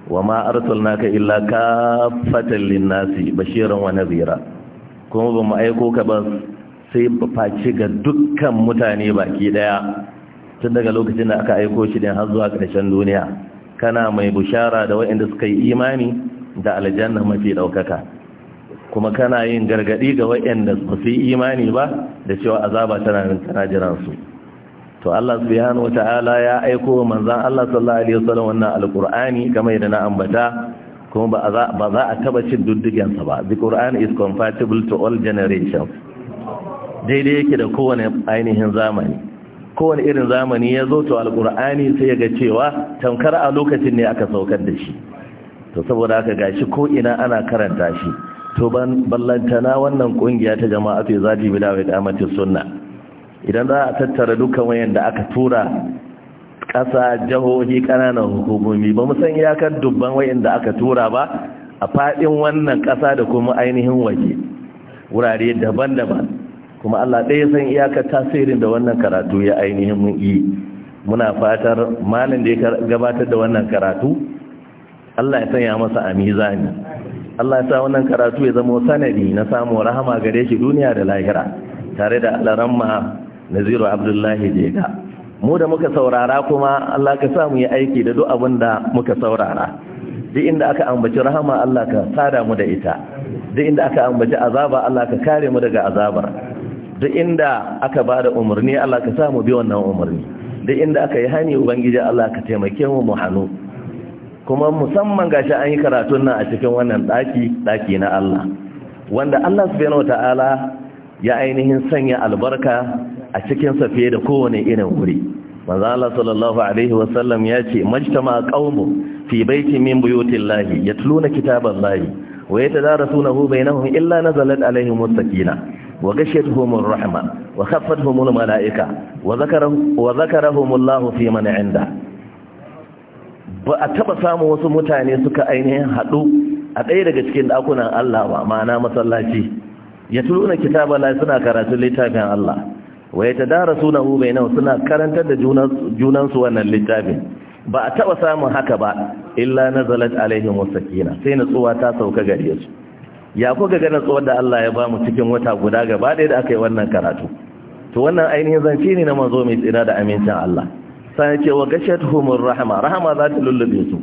wa ma arsalnaka illa kaffatan linnasi bashiran wa nadhira kuma ba mu aiko ka ba sai faci ga dukkan mutane baki daya tun daga lokacin da aka aiko shi din har zuwa ƙarshen duniya kana mai bushara da waɗanda suka yi imani da aljanna mafi ɗaukaka? kuma kana yin gargadi ga waɗanda suka yi imani ba da cewa azaba tana nan tana jiran su to Allah subhanahu wataala ya aiko manzon Allah sallallahu alaihi wasallam wannan alqur'ani kamar yadda na ambata kuma ba za ba za a taba cin duddigen sa ba the qur'an is compatible to all generations daidai yake da kowane ainihin zamani kowane irin zamani ya zo to alqur'ani sai ya ga cewa tamkar a lokacin ne aka saukar da shi to saboda haka gashi ko ina ana karanta shi to ballantana wannan kungiya ta jama'a fi zati bila da amatin sunna idan za a tattara duka wayan da aka tura ƙasa jihohi ƙananan hukumomi ba mu san iyakar dubban wayan da aka tura ba a faɗin wannan ƙasa da kuma ainihin waje wurare daban-daban kuma Allah ɗaya san iyakar tasirin da wannan karatu ya ainihin mun yi muna fatar malin da ya gabatar da wannan karatu Allah ya sanya masa a ne. Allah ya sa wannan karatu ya zama sanadi na samun rahama gare shi duniya da lahira tare da alaramma naziru abdullahi jega mu da muka saurara kuma Allah ka sa mu aiki da duk abin da muka saurara duk inda aka ambaci rahama Allah ka sada mu da ita duk inda aka ambaci azaba Allah ka kare mu daga azabar duk inda aka bada umarni Allah ka sa mu bi wannan umarni duk inda aka yi hani ubangiji Allah ka taimake mu mu hanu kuma musamman gashi an yi karatun nan a cikin wannan daki daki na Allah wanda Allah subhanahu wataala ya ainihin sanya albarka a cikinsa fiye da kowane irin wuri manzo sallallahu alaihi wasallam ya ce majtama qaumun fi baitin min buyutillahi yatluna kitaballahi wa yatadarasunahu bainahum illa nazalat alaihim as-sakina wa ghashiyatuhum ar-rahma wa khaffatuhum al-malaika wa dhakarahum wa dhakarahum Allahu fi man 'inda ba a taba samu wasu mutane suka ainihin hadu a ɗaya daga cikin dakunan Allah ba ma'ana masallaci Ya tuluna yatluna kitaballahi suna karatu littafin Allah wa yatadarasunahu bainahum suna karantar da junansu wannan littafin ba a taba samun haka ba illa na zalat alaihim wasakina sai natsuwa ta sauka gare su ya kuka ga natsuwar da Allah ya ba mu cikin wata guda gaba ɗaya da aka yi wannan karatu to wannan ainihin zanci ne na manzo mai tsira da amincin Allah sai ce wa gashatuhumur rahma rahma za ta lullube su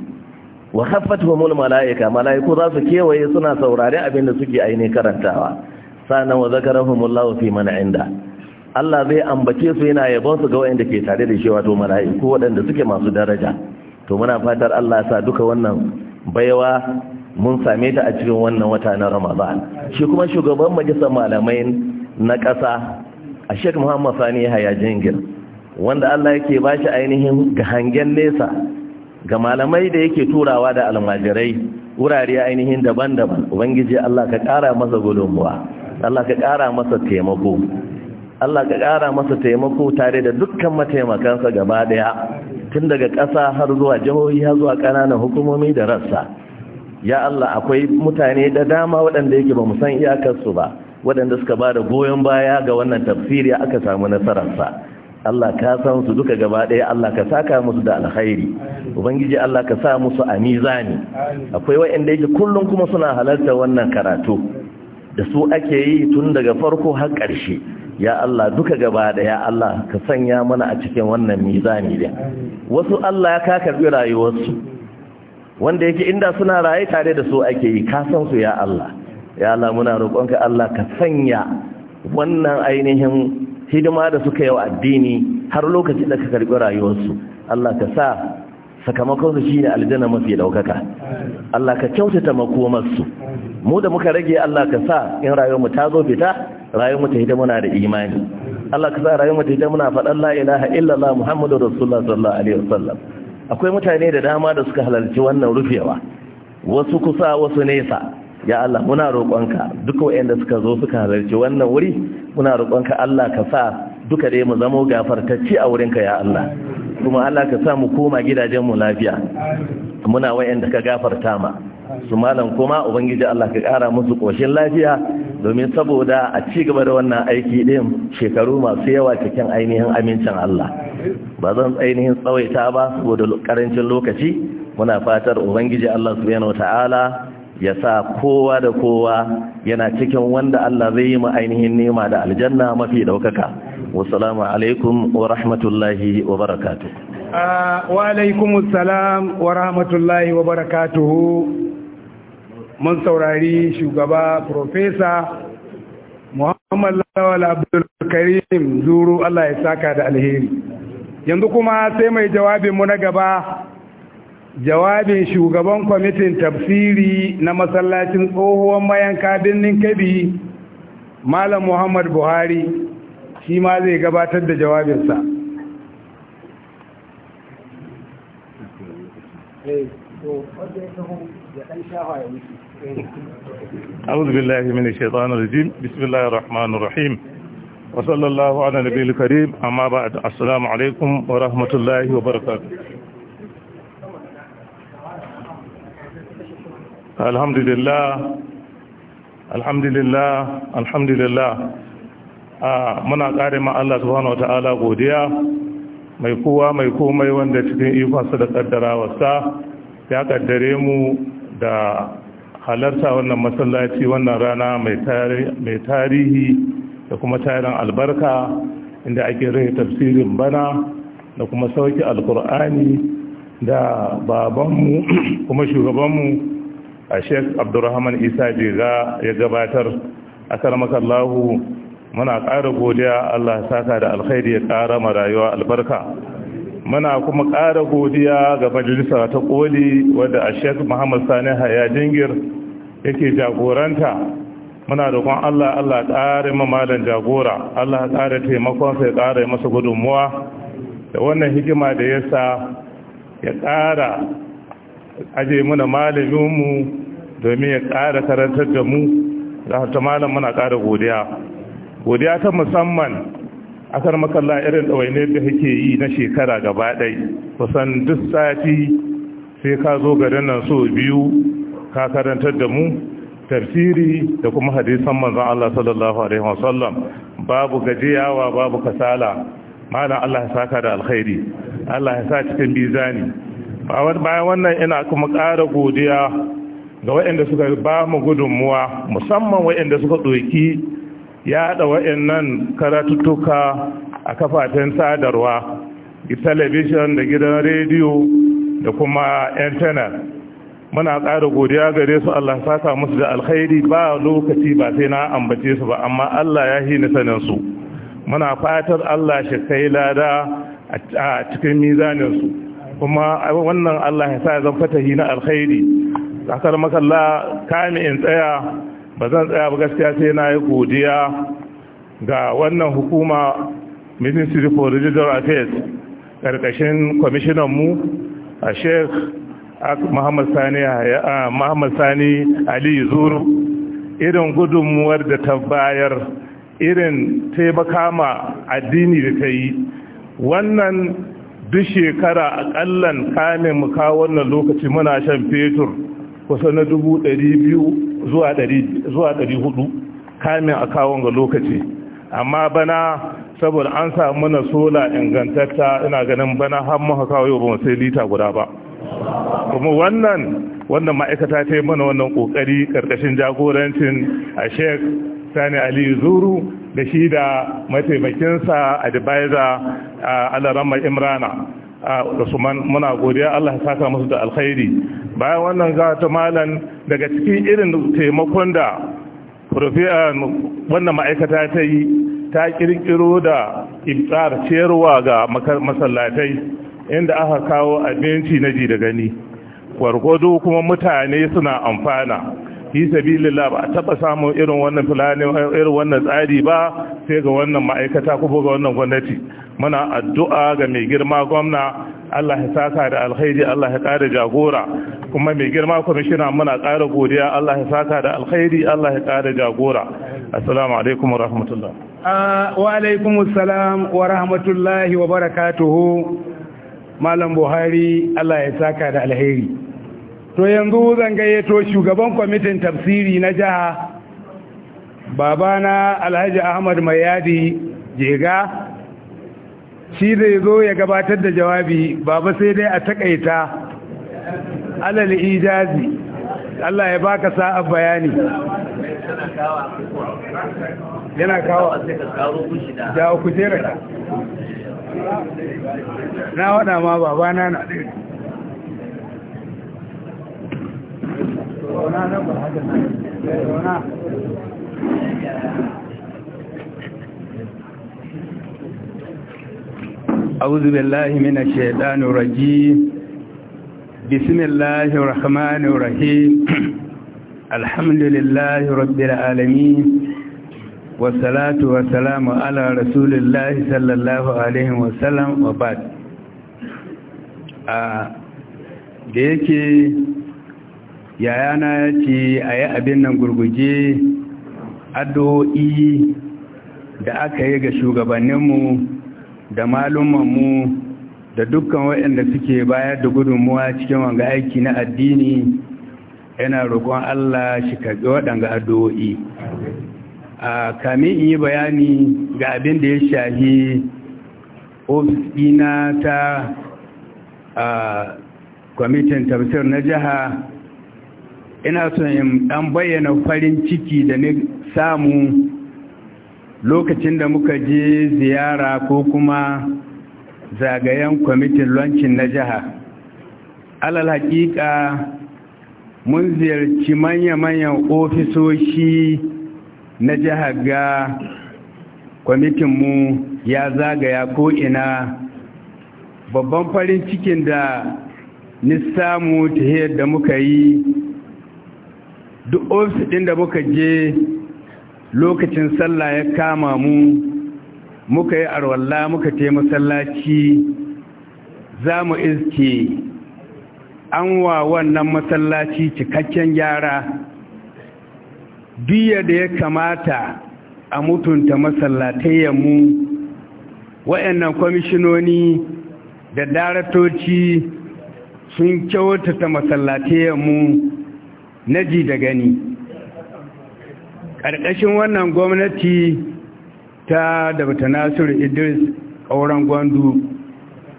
wa khaffatuhumul malaika malaiku za su kewaye suna saurare abin da suke ainihin karantawa sanan wa zakarahumullahu fi man inda Allah zai ambace su yana yabon su ga wayanda ke tare da shi wato mala'iku waɗanda suke masu daraja to muna fatar Allah ya sa duka wannan baiwa mun same ta a cikin wannan wata na Ramadan shi kuma shugaban majalisar malamai na ƙasa a Sheikh Muhammad Sani Yahaya Jingir wanda Allah yake bashi ainihin ga hangen nesa ga malamai da yake turawa da almajirai wurare ainihin daban-daban ubangiji Allah ka ƙara masa gudunmuwa Allah ka ƙara masa taimako Allah ka ƙara masa taimako tare da dukkan mataimakansa gaba ɗaya tun daga ƙasa har zuwa jihohi har zuwa ƙananan hukumomi da rassa ya Allah akwai mutane da dama waɗanda yake ba musan san iyakarsu ba waɗanda suka ba da goyon baya ga wannan tafsiri aka samu nasararsa Allah ka san su duka gaba ɗaya Allah ka saka musu da alkhairi ubangiji Allah ka sa musu a mizani akwai waɗanda yake kullum kuma suna halarta wannan karatu da su ake yi tun daga farko har ƙarshe ya Allah duka gaba da ya Allah ka sanya mana a cikin wannan mizani din wasu Allah ya ka karbi rayuwarsu wanda yake inda suna raye tare da su ake yi ka san su ya Allah ya Allah muna roƙonka Allah ka sanya wannan ainihin hidima da suka yi wa addini har lokacin da ka karbi rayuwarsu Allah ka sa sakamakon su shine aljanna mafi daukaka Allah ka kyautata makomarsu mu da muka rage Allah ka sa in rayuwar mu ta zo fita rayuwar mu ta hita muna da imani Allah ka sa rayuwar mu ta hita muna faɗan la ilaha illallah muhammadu rasulullah sallallahu alaihi wasallam akwai mutane da dama da suka halarci wannan rufewa wasu kusa wasu nesa ya Allah muna roƙonka duka waɗanda suka zo suka halarci wannan wuri muna roƙonka Allah ka sa duka dai mu zamo gafartacci a wurinka ya Allah kuma Allah ka sa mu koma gidajen mu lafiya muna waɗanda ka gafarta ma su malam kuma ubangiji Allah ka kara musu koshin lafiya domin saboda a ci gaba da wannan aiki din shekaru masu yawa cikin ainihin amincin Allah ba zan ainihin tsawaita ba saboda karancin lokaci muna fatar ubangiji Allah subhanahu wataala ya sa kowa da kowa yana cikin wanda Allah zai yi mu ainihin nema da aljanna mafi daukaka wassalamu alaikum wa rahmatullahi wa barakatuh uh, wa alaikumussalam wa rahmatullahi wa barakatuh mun saurari shugaba profesa muhammad lawal abdul karim zuru allah ya saka da alheri yanzu kuma sai mai jawabin mu na gaba jawabin shugaban kwamitin tafsiri na masallacin tsohuwan mayanka birnin kabi malam muhammad buhari shi ma zai gabatar da jawabinsa Hey, so, what do you أعوذ بالله من الشيطان الرجيم بسم الله الرحمن الرحيم وصلى الله على نبي الكريم أما بعد السلام عليكم ورحمة الله وبركاته الحمد لله الحمد لله الحمد لله muna ƙare ma Allah subhanahu wata'ala godiya mai kowa mai komai wanda cikin ikonsa da ƙaddarawarsa ya ƙaddare mu da halarta wannan masallaci wannan rana mai tarihi da kuma tarin albarka inda ake rai tafsirin bana da kuma sauki alkur'ani da babanmu <clears throat> kuma shugabanmu a sheik abdurrahman isa jega ya gabatar a karmakallahu muna ƙara godiya allah saka da alkhairi ya ƙara ma rayuwa albarka muna kuma ƙara godiya ga majalisa ta koli wadda a shek muhammad sani haya jingir yake jagoranta muna da kuma allah allah ƙari mamalin jagora allah ƙari taimakon ya ƙara masa gudunmuwa da wannan hikima da ya sa ya ƙara aje muna malaminmu domin ya ƙara karantar da mu da hatta malam muna ƙara godiya godiya ta musamman akar makalla irin ɗawainiyar da kake yi na shekara gaba ɗai kusan duk sati sai ka zo garin nan so biyu ka karantar da mu tafsiri da kuma hadisan manzan Allah sallallahu Alaihi wasallam babu gajiyawa babu kasala malam Allah ya saka da alkhairi Allah ya sa cikin bizani bayan wannan ina kuma ƙara godiya ga waɗanda suka ba mu gudunmuwa musamman waɗanda suka ɗoki ya haɗa wa'annan karatuttuka a kafafen sadarwa talabijin da gidan rediyo da kuma intanet muna ƙara godiya gare su Allah saka musu da alkhairi ba lokaci ba sai na ambace su ba amma Allah ya hini saninsu. muna fatar Allah shi kai lada a cikin mizanin kuma wannan Allah ya sa zan fatahi na alkhairi sakar makalla kami in tsaya ba zan tsaya ba gaskiya sai na yi godiya ga wannan hukuma ministry for regional affairs ƙarƙashin mu a sheikh muhammad sani muhammad sani ali zuru irin gudunmuwar da ta bayar irin taimaka ma addini da ta yi wannan duk shekara akallan kamin mu kawo wannan lokaci muna shan fetur kusa na dubu ɗari biyu zuwa ɗari hudu kamin a kawon ga lokaci amma bana saboda an samu na sola ingantatta ina ganin bana har muka kawo yau ba sai lita guda ba kuma wannan wannan ma'aikata ta yi mana wannan kokari karkashin jagorancin a shek sani ali zuru da shi da mataimakinsa a alarama imrana Usman muna godiya Allah ya saka musu da alkhairi bayan wannan ga ta malan daga cikin irin taimakon da rufi'an wannan ma'aikata ta yi ta kirkiro da ibtar ciyarwa ga masallatai inda aka kawo abinci na ji da gani gwargwado kuma mutane suna amfana sabi sabilillah ba taba samun irin wannan fulani irin wannan tsari ba sai ga wannan ma'aikata kuma ga wannan gwamnati muna addu'a ga mai girma gwamna Allah ya saka da alkhairi Allah ya ƙara jagora kuma mai girma kwamishina muna ƙara godiya Allah ya saka da alkhairi Allah ya ƙara jagora assalamu alaikum wa rahmatullah ah, wa alaikum assalam wa rahmatullahi wa barakatuhu malam buhari Allah ya saka da alkhairi to yanzu zan gayyato shugaban kwamitin tafsiri na jiha babana alhaji ahmad mayadi jega shi zai zo ya gabatar da jawabi baba sai dai a takaita alal ijazi Allah ya baka sa'a bayani yana kawo a da ku jera na wada ma baba na na ɗaya أعوذ بالله من الشيطان الرجيم بسم الله الرحمن الرحيم الحمد لله رب العالمين والصلاة والسلام على رسول الله صلى الله عليه وسلم وبعد da yake yayana ya ce a yi abin nan gurguje addu'o'i da aka yi ga shugabanninmu da mu da dukkan waɗanda suke bayar da gudunmuwa cikin wanga aiki na addini yana roƙon Allah shi karɓi waɗanga addu'o'i a kamin in yi bayani ga abin da ya shahi ofis ta a kwamitin tafsir na jiha ina son in ɗan bayyana farin ciki da ni samu lokacin da muka je ziyara ko kuma zagayen kwamitin lancin na jiha alal hakika mun ziyarci manya-manyan ofisoshi na jiha ga kwamitinmu ya zagaya ko'ina babban farin cikin da nisamu ta da muka yi duk ofis ɗin da muka je lokacin sallah ya kama mu muka yi arwalla muka te masallaci za mu iske an wa wannan masallaci cikakken gyara biya da ya kamata a mutunta mu, wa'annan kwamishinoni da daratoci sun kyautata mu na ji da gani ƙarƙashin wannan gwamnati ta da bata nasiru idris ƙauren gwandu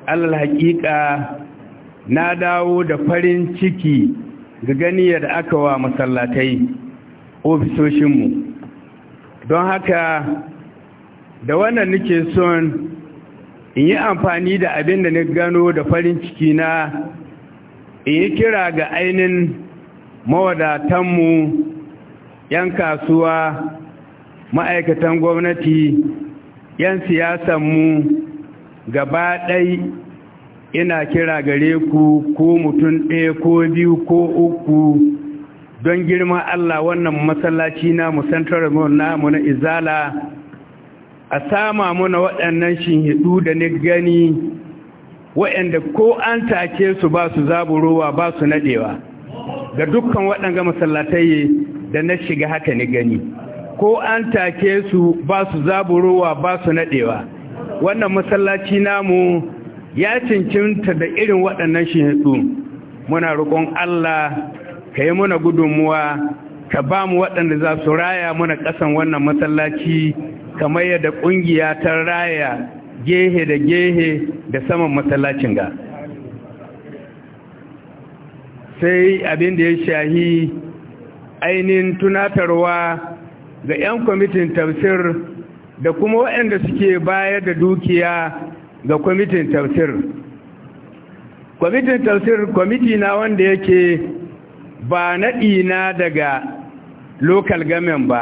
allal haƙiƙa na dawo da farin ciki ga ganiyar da aka wa masallatai ofisoshinmu don haka da wannan nake son in yi amfani da abin da na gano da farin ciki na in yi kira ga ainin mawadatanmu 'yan kasuwa ma'aikatan gwamnati 'yan siyasanmu gaba ɗai ina kira gare ku ko mutum ɗaya ko biyu ko uku don girma Allah wannan masallaci na musantar namu na izala a sama muna waɗannan shinhidu da ni gani waɗanda ko an take su ba su zaburowa ba su naɗewa ga dukkan waɗanga masallatai da na shiga haka ni gani ko an take su ba su zaburowa ba su nadewa wannan masallaci namu ya cincinta da irin waɗannan shihitsu muna roƙon Allah ka yi muna gudunmuwa ka ba mu waɗanda za su raya muna ƙasan wannan masallaci kamar yadda ƙungiya ta raya gehe da gehe da saman masallacin ga sai abin da ya shahi ainihin tunatarwa ga 'yan kwamitin tafsir da kuma waɗanda suke bayar da dukiya ga kwamitin tafsir kwamitin tafsir kwamiti na wanda yake ba naɗi na daga local government ba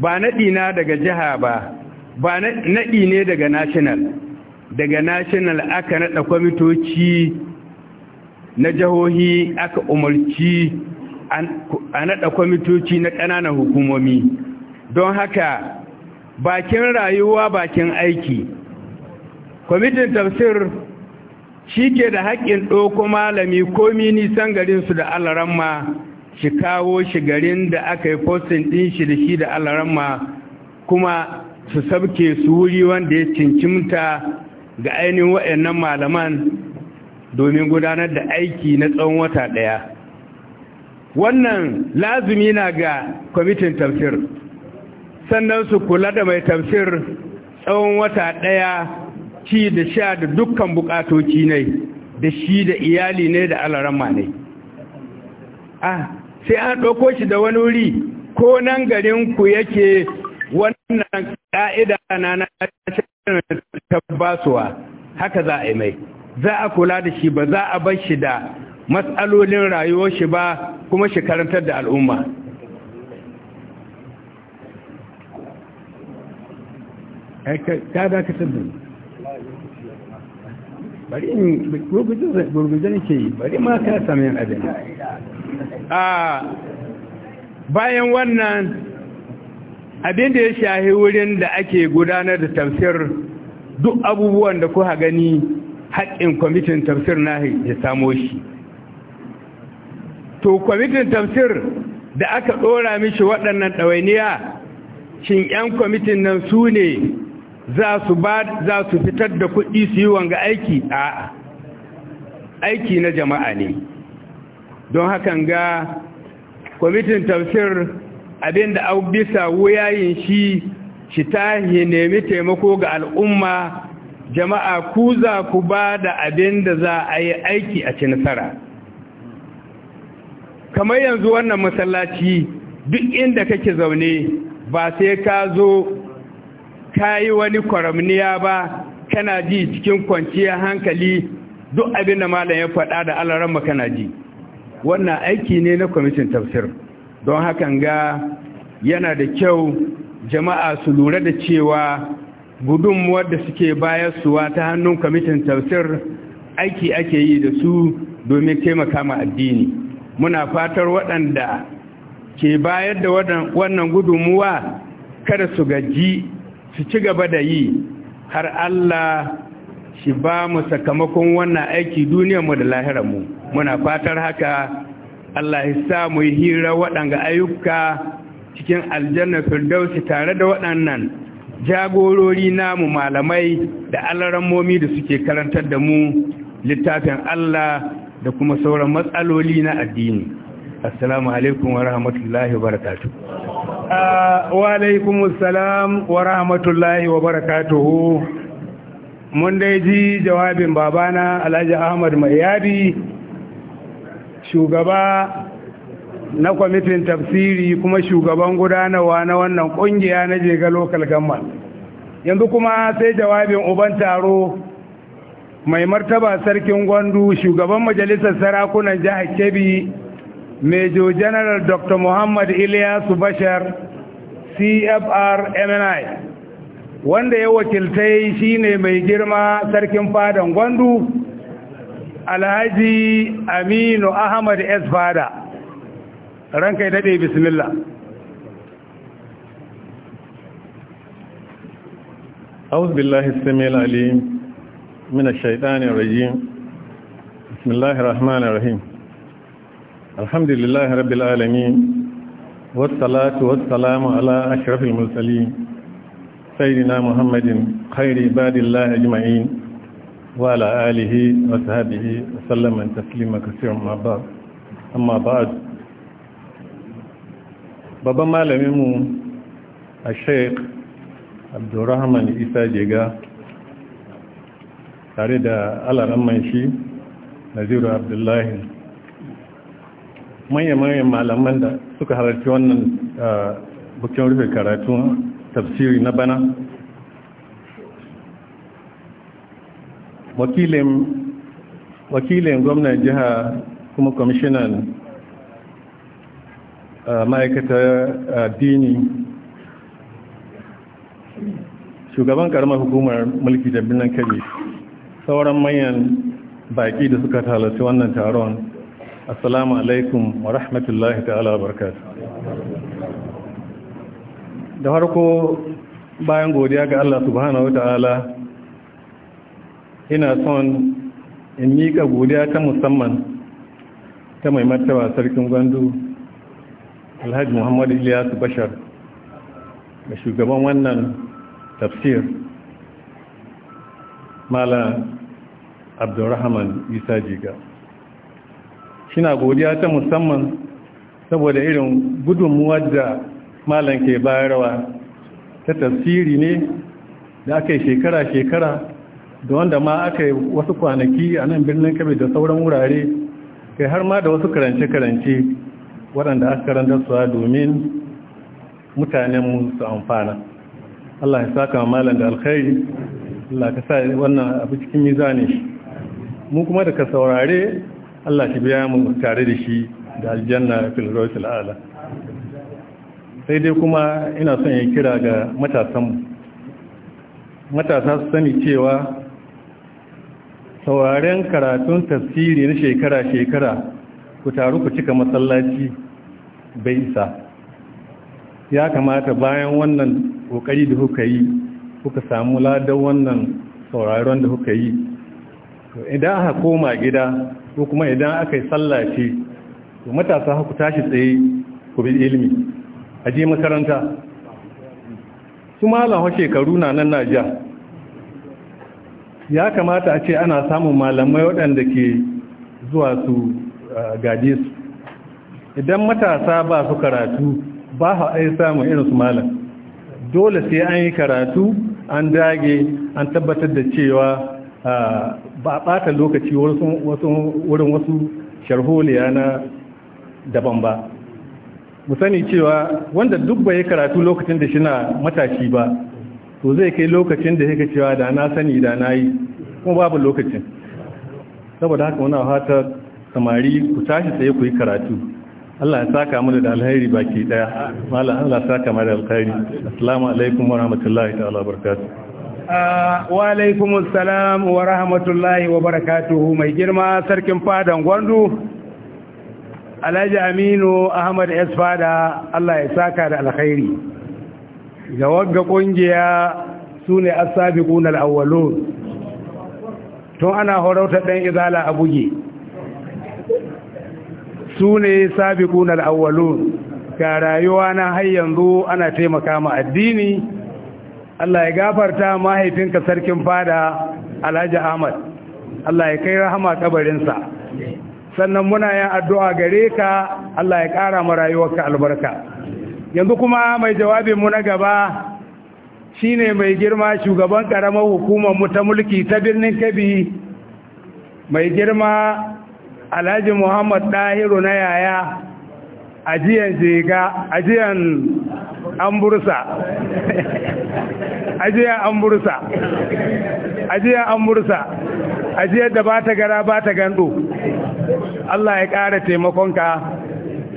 ba naɗi na daga jiha ba ba naɗi ne daga national daga national aka naɗa kwamitoci na jihohi aka umarci a naɗa kwamitoci na ƙananan hukumomi don haka bakin rayuwa bakin aiki kwamitin tafsir shi ke da haƙƙin ɗoko malami komi nisan garinsu da alaramma shi kawo shi garin da aka yi postin ɗin shi da shi da alaramma kuma su sabke su wuri wanda ya cincimta ga ainihin waɗannan malaman domin gudanar da aiki na tsawon wata ɗaya wannan lazumi na ga kwamitin tafsir sannan su kula da mai tafsir tsawon wata ɗaya ci da sha da dukkan bukatoci ne da shi da iyali ne da alarama ne ah sai an ɗauko shi da wani wuri ko nan ku yake wannan ƙa'ida na na tabbasuwa haka za a yi mai za a kula da shi ba za a bar shi da matsalolin rayuwar shi ba kuma shi karantar da al'umma ta bari in ke yi bari ma sami yin a bayan wannan abin da ya shahi wurin da ake gudanar da tafsir duk abubuwan da kuka gani haƙƙin kwamitin tafsir na ya samo shi to kwamitin tafsir da aka ɗora mishi waɗannan ɗawainiya shin 'yan kwamitin nan su ne za su fitar da kuɗi su yi wanga aiki a aiki na jama'a ne don hakan ga kwamitin tafsir abinda au bisa wuyayin shi shi ta nemi taimako ga al'umma jama'a ku za ku ba da abin da za a yi aiki a ci nasara kamar yanzu wannan masallaci duk inda kake zaune ba sai ka zo ka yi wani kwaramniya ba kana ji cikin kwanciyar hankali duk abin da malam ya faɗa da alaran kana ji wannan aiki ne na kwamitin tafsir don hakan ga yana da kyau jama'a su lura da cewa gudunmuwar da suke bayar suwa ta hannun kwamitin tafsir aiki ake yi da su domin taimaka ma addini muna fatar waɗanda ke bayar da wannan gudunmuwa kada su gaji su ci gaba da yi har Allah shi ba mu sakamakon wannan aiki duniyarmu da lahirarmu muna fatar haka Allah ya sa mu hira waɗanga ayyuka cikin aljanna firdausi tare da waɗannan jagorori namu malamai da alarammomi da suke karantar da mu littafin Allah da kuma sauran matsaloli na addini assalamu alaikum wa rahmatullahi wa barakatu wa alaikum assalam wa rahmatullahi wa barakatuh mun dai ji jawabin babana Alhaji Ahmad yabi. shugaba na kwamitin tafsiri kuma shugaban gudanarwa na wannan kungiya na jega kalgamma gama. yanzu kuma sai jawabin uban taro mai martaba sarkin gwandu shugaban majalisar sarakunan jihar kebbi major general dr muhammad ilyasu bashar cfr mni wanda ya wakiltai shine mai girma sarkin fadan gwandu alhaji aminu ahmad s fada ranka ya daɗe bismillah أعوذ بالله السميع العليم من الشيطان الرجيم بسم الله الرحمن الرحيم الحمد لله رب العالمين والصلاة والسلام على أشرف المرسلين سيدنا محمد خير عباد الله أجمعين وعلى آله وصحبه وسلم تسليما كثيرا ما بعد أما بعد بابا ميمو الشيخ عبد الرحمن جيغا tare da alaramman shi naziru abdullahi manya-manyan malaman da suka halarci wannan bukin rufe karatu tafsiri na bana wakilin gwamnan jiha kuma kwamishinan ma'aikatar Dini, shugaban karamar hukumar mulki da binan kebbi sauran manyan baƙi da suka halarci wannan taron assalamu alaikum wa rahmatullahi ta'ala barkatu da harko bayan godiya ga Allah subhanahu ta'ala ina son in miƙa godiya ta musamman ta mai martaba sarkin gwandu alhaji muhammadu iliyasu bashar da shugaban wannan tafsir mala abdurrahman isa jiga shina godiya ta musamman saboda irin gudunmuwar da malam ke bayarwa ta tafsiri ne da aka yi shekara-shekara da wanda ma aka yi wasu kwanaki a nan birnin kabe da sauran wurare kai har ma da wasu karance-karance waɗanda aka karanta su domin mutanenmu su amfana Allah ya saka malam da alkhairi Allah ka sa wannan abu cikin mizanin shi mu kuma da ka saurare Allah shi biya mu tare da shi da aljanna fil rawsil ala sai dai kuma ina son ya kira ga matasan matasa su sani cewa sauraren karatun tafsiri na shekara-shekara ku taru ku cika masallaci bai isa ya kamata bayan wannan kokari da kuka yi kuka samu ladan wannan sauraron da kuka yi idan aka koma gida ko kuma idan aka yi sallace to matasa haku tashi tsaye ku bi ilimi a je makaranta su malam shekaru na nan jiya. ya kamata a ce ana samun malamai waɗanda ke zuwa su gaje su idan matasa ba su karatu ba ha samun irin su malam dole sai an yi karatu an dage an tabbatar da cewa ba a ɓata lokaci wurin wasu sharholiya na daban ba mu sani cewa wanda duk bai karatu lokacin da shi na matashi ba to zai kai lokacin da yake cewa da na sani da na yi kuma babu lokacin saboda haka muna fata samari ku tashi sai ku yi karatu Allah ya saka mu da alheri baki daya malam Allah ya saka mu da alheri assalamu alaikum wa rahmatullahi ta'ala barakatuh ah, wa alaikum assalam wa rahmatullahi wa barakatuh mai girma sarkin fadan gwandu Alhaji Aminu Ahmad S fada Allah ya saka da alkhairi ga wagga kungiya sune as-sabiquna al-awwalun tun ana horauta dan izala a buge su ne sabi al-awwalun ga rayuwa na har yanzu ana taimaka ma addini Allah ya gafarta mahaifinka sarkin fada Alhaji Ahmad Allah ya kai rahama kabarinsa sannan muna yin addu'a gare ka Allah ya ƙara ma rayuwarka albarka yanzu kuma mai jawabin mu na gaba shine mai girma shugaban ƙaramar hukumar mu ta mulki ta birnin kabi mai girma alhaji muhammad ɗahiru na yaya ajiyan jega ajiyan ambursa <laughs> ajiyan ambursa ajiyan ambursa ajiyar da ba ta gara ba ta gando Allah ya ƙara taimakonka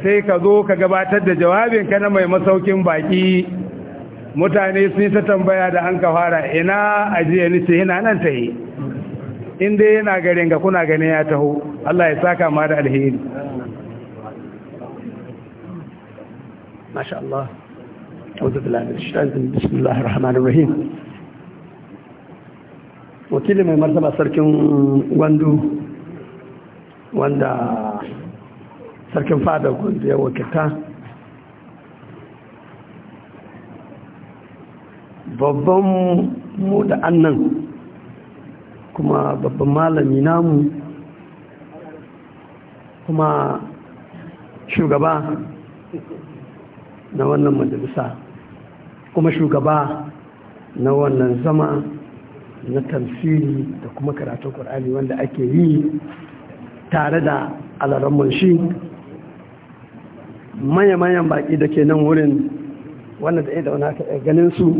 sai ka zo ka gabatar da jawabinka na mai masaukin baƙi, mutane sun yi ta tambaya da an ka fara ina ajiya ni yana nan ta yi Inda yana garin ga kuna ganin ya taho Allah ya saka ma da alheri masha Allah أعوذ بالله من الشيطان بسم الله الرحمن الرحيم wakili mai martaba sarkin gwandu wanda sarkin fadar gwandu ya wakilta babban mu da annan kuma babban malami namu kuma shugaba na wannan majalisa kuma shugaba na wannan zama na tamsiri da kuma karatun ƙwar'ani wanda ake yi tare da alaramman shi manya-manyan baƙi da ke nan wurin wanda da ya dauna ganin su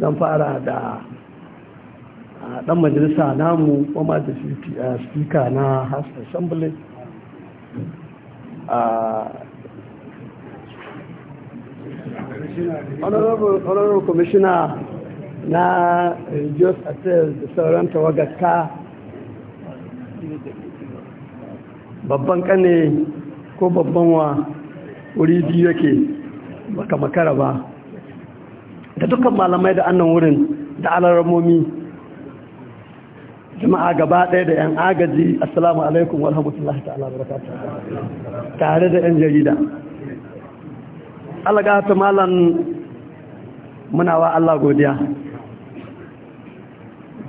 don fara da dan majalisa namu kuma da eh, speaker na house assembly ah, honorable commissioner na religious eh, affairs da sauran tawagarka babban kane ko babban wa wuri biyu yake baka makara ba da dukkan malamai da annan wurin da alaramomi jama'a gaba ɗaya da 'yan agaji assalamu alaikum wa ta'ala barakatuh tare da 'yan jarida alaga malam malan munawa Allah godiya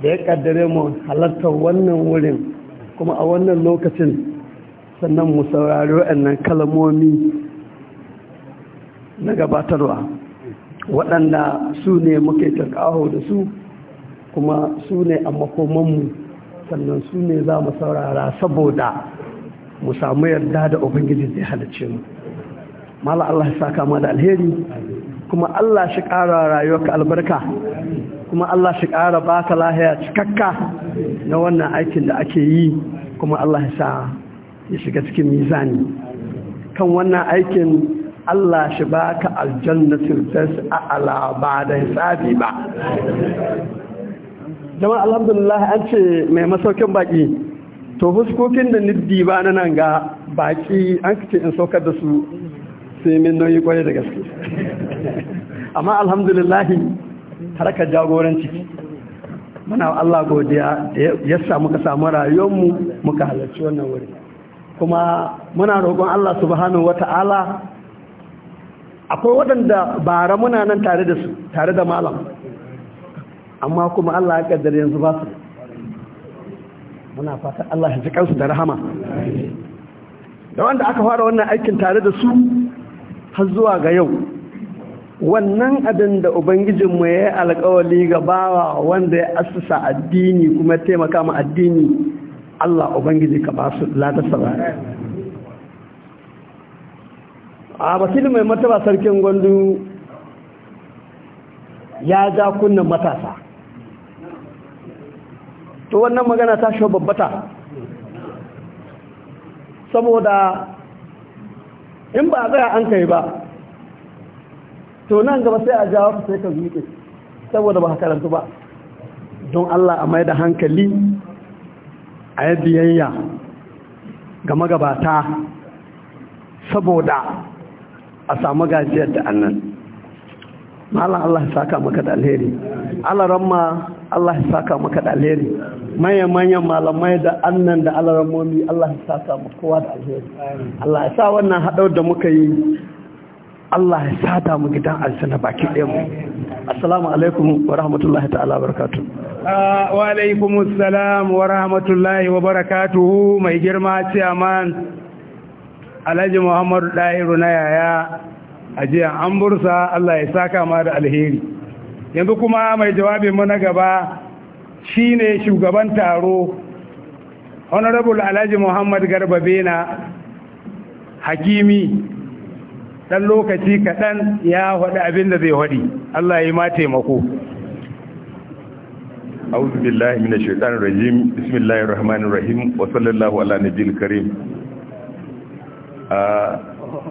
da ya kaddare mu halartar wannan wurin kuma a wannan lokacin sannan mu saurari wa'annan kalmomi na gabatarwa waɗanda su ne muke tarkaho da su kuma su ne a makomanmu sannan su ne za mu saurara saboda mu samu yarda da ubangiji zai halice mu mala Allah ya saka mu da alheri kuma Allah shi ƙara rayuwarka albarka kuma Allah shi ƙara baka lahiya cikakka na wannan aikin da ake yi kuma Allah ya sa ya shiga cikin mizani kan wannan aikin Allah shi baka aljannatul firdaus a'la ba da hisabi ba jama'a alhamdulillah an ce mai masaukin baki to fuskokin da niddi ba na nan ga baki an ce in saukar da su sai min nauyi kwarai da gaske <laughs> amma alhamdulillah harkar jagoranci muna Allah godiya ya samu ka samu rayuwarmu muka halarci wannan wuri kuma muna roƙon Allah subhanahu wata'ala akwai waɗanda bara muna nan tare da su tare da malam amma kuma Allah ya kaddara yanzu ba su muna fata Allah ya ji kansu da rahama da wanda aka fara wannan aikin tare da su har zuwa ga yau wannan abin da ubangijinmu ya yi alkawali ga bawa wanda ya asusa addini kuma taimaka ma addini Allah ubangiji ka ba su ladasa ba a bakilu mai mataba sarkin gwandu ya ja kunnen matasa to wannan magana ta shi babbata saboda in ba tsaya an kai ba to nan gaba sai a jawo sai ka zuke saboda ba karantu ba don Allah a mai da hankali a yi biyayya ga magabata saboda a samu gajiyar da annan malam Allah saka maka da alheri Allah ramma Allah ya saka maka da alheri manyan manyan malamai da annan da alaramomi Allah ya saka maka kowa da alheri Allah ya sa wannan hadau da muka yi Allah ya sada mu gidan aljanna baki ɗaya mu assalamu alaikum wa rahmatullahi ta'ala barakatuh ah, wa alaikum assalam wa rahmatullahi wa barakatuh mai girma ciyaman Alhaji Muhammadu Dahiru na yaya ajiya an bursa Allah ya saka ma da alheri yanzu kuma mai jawabin mu na gaba ne shugaban taro honorable alhaji muhammad garba bena hakimi dan lokaci kaɗan ya faɗi abin da zai faɗi allah ya yi ma taimako أعوذ بالله من الشيطان الرجيم بسم الله الرحمن الرحيم وصلى الله على نبي الكريم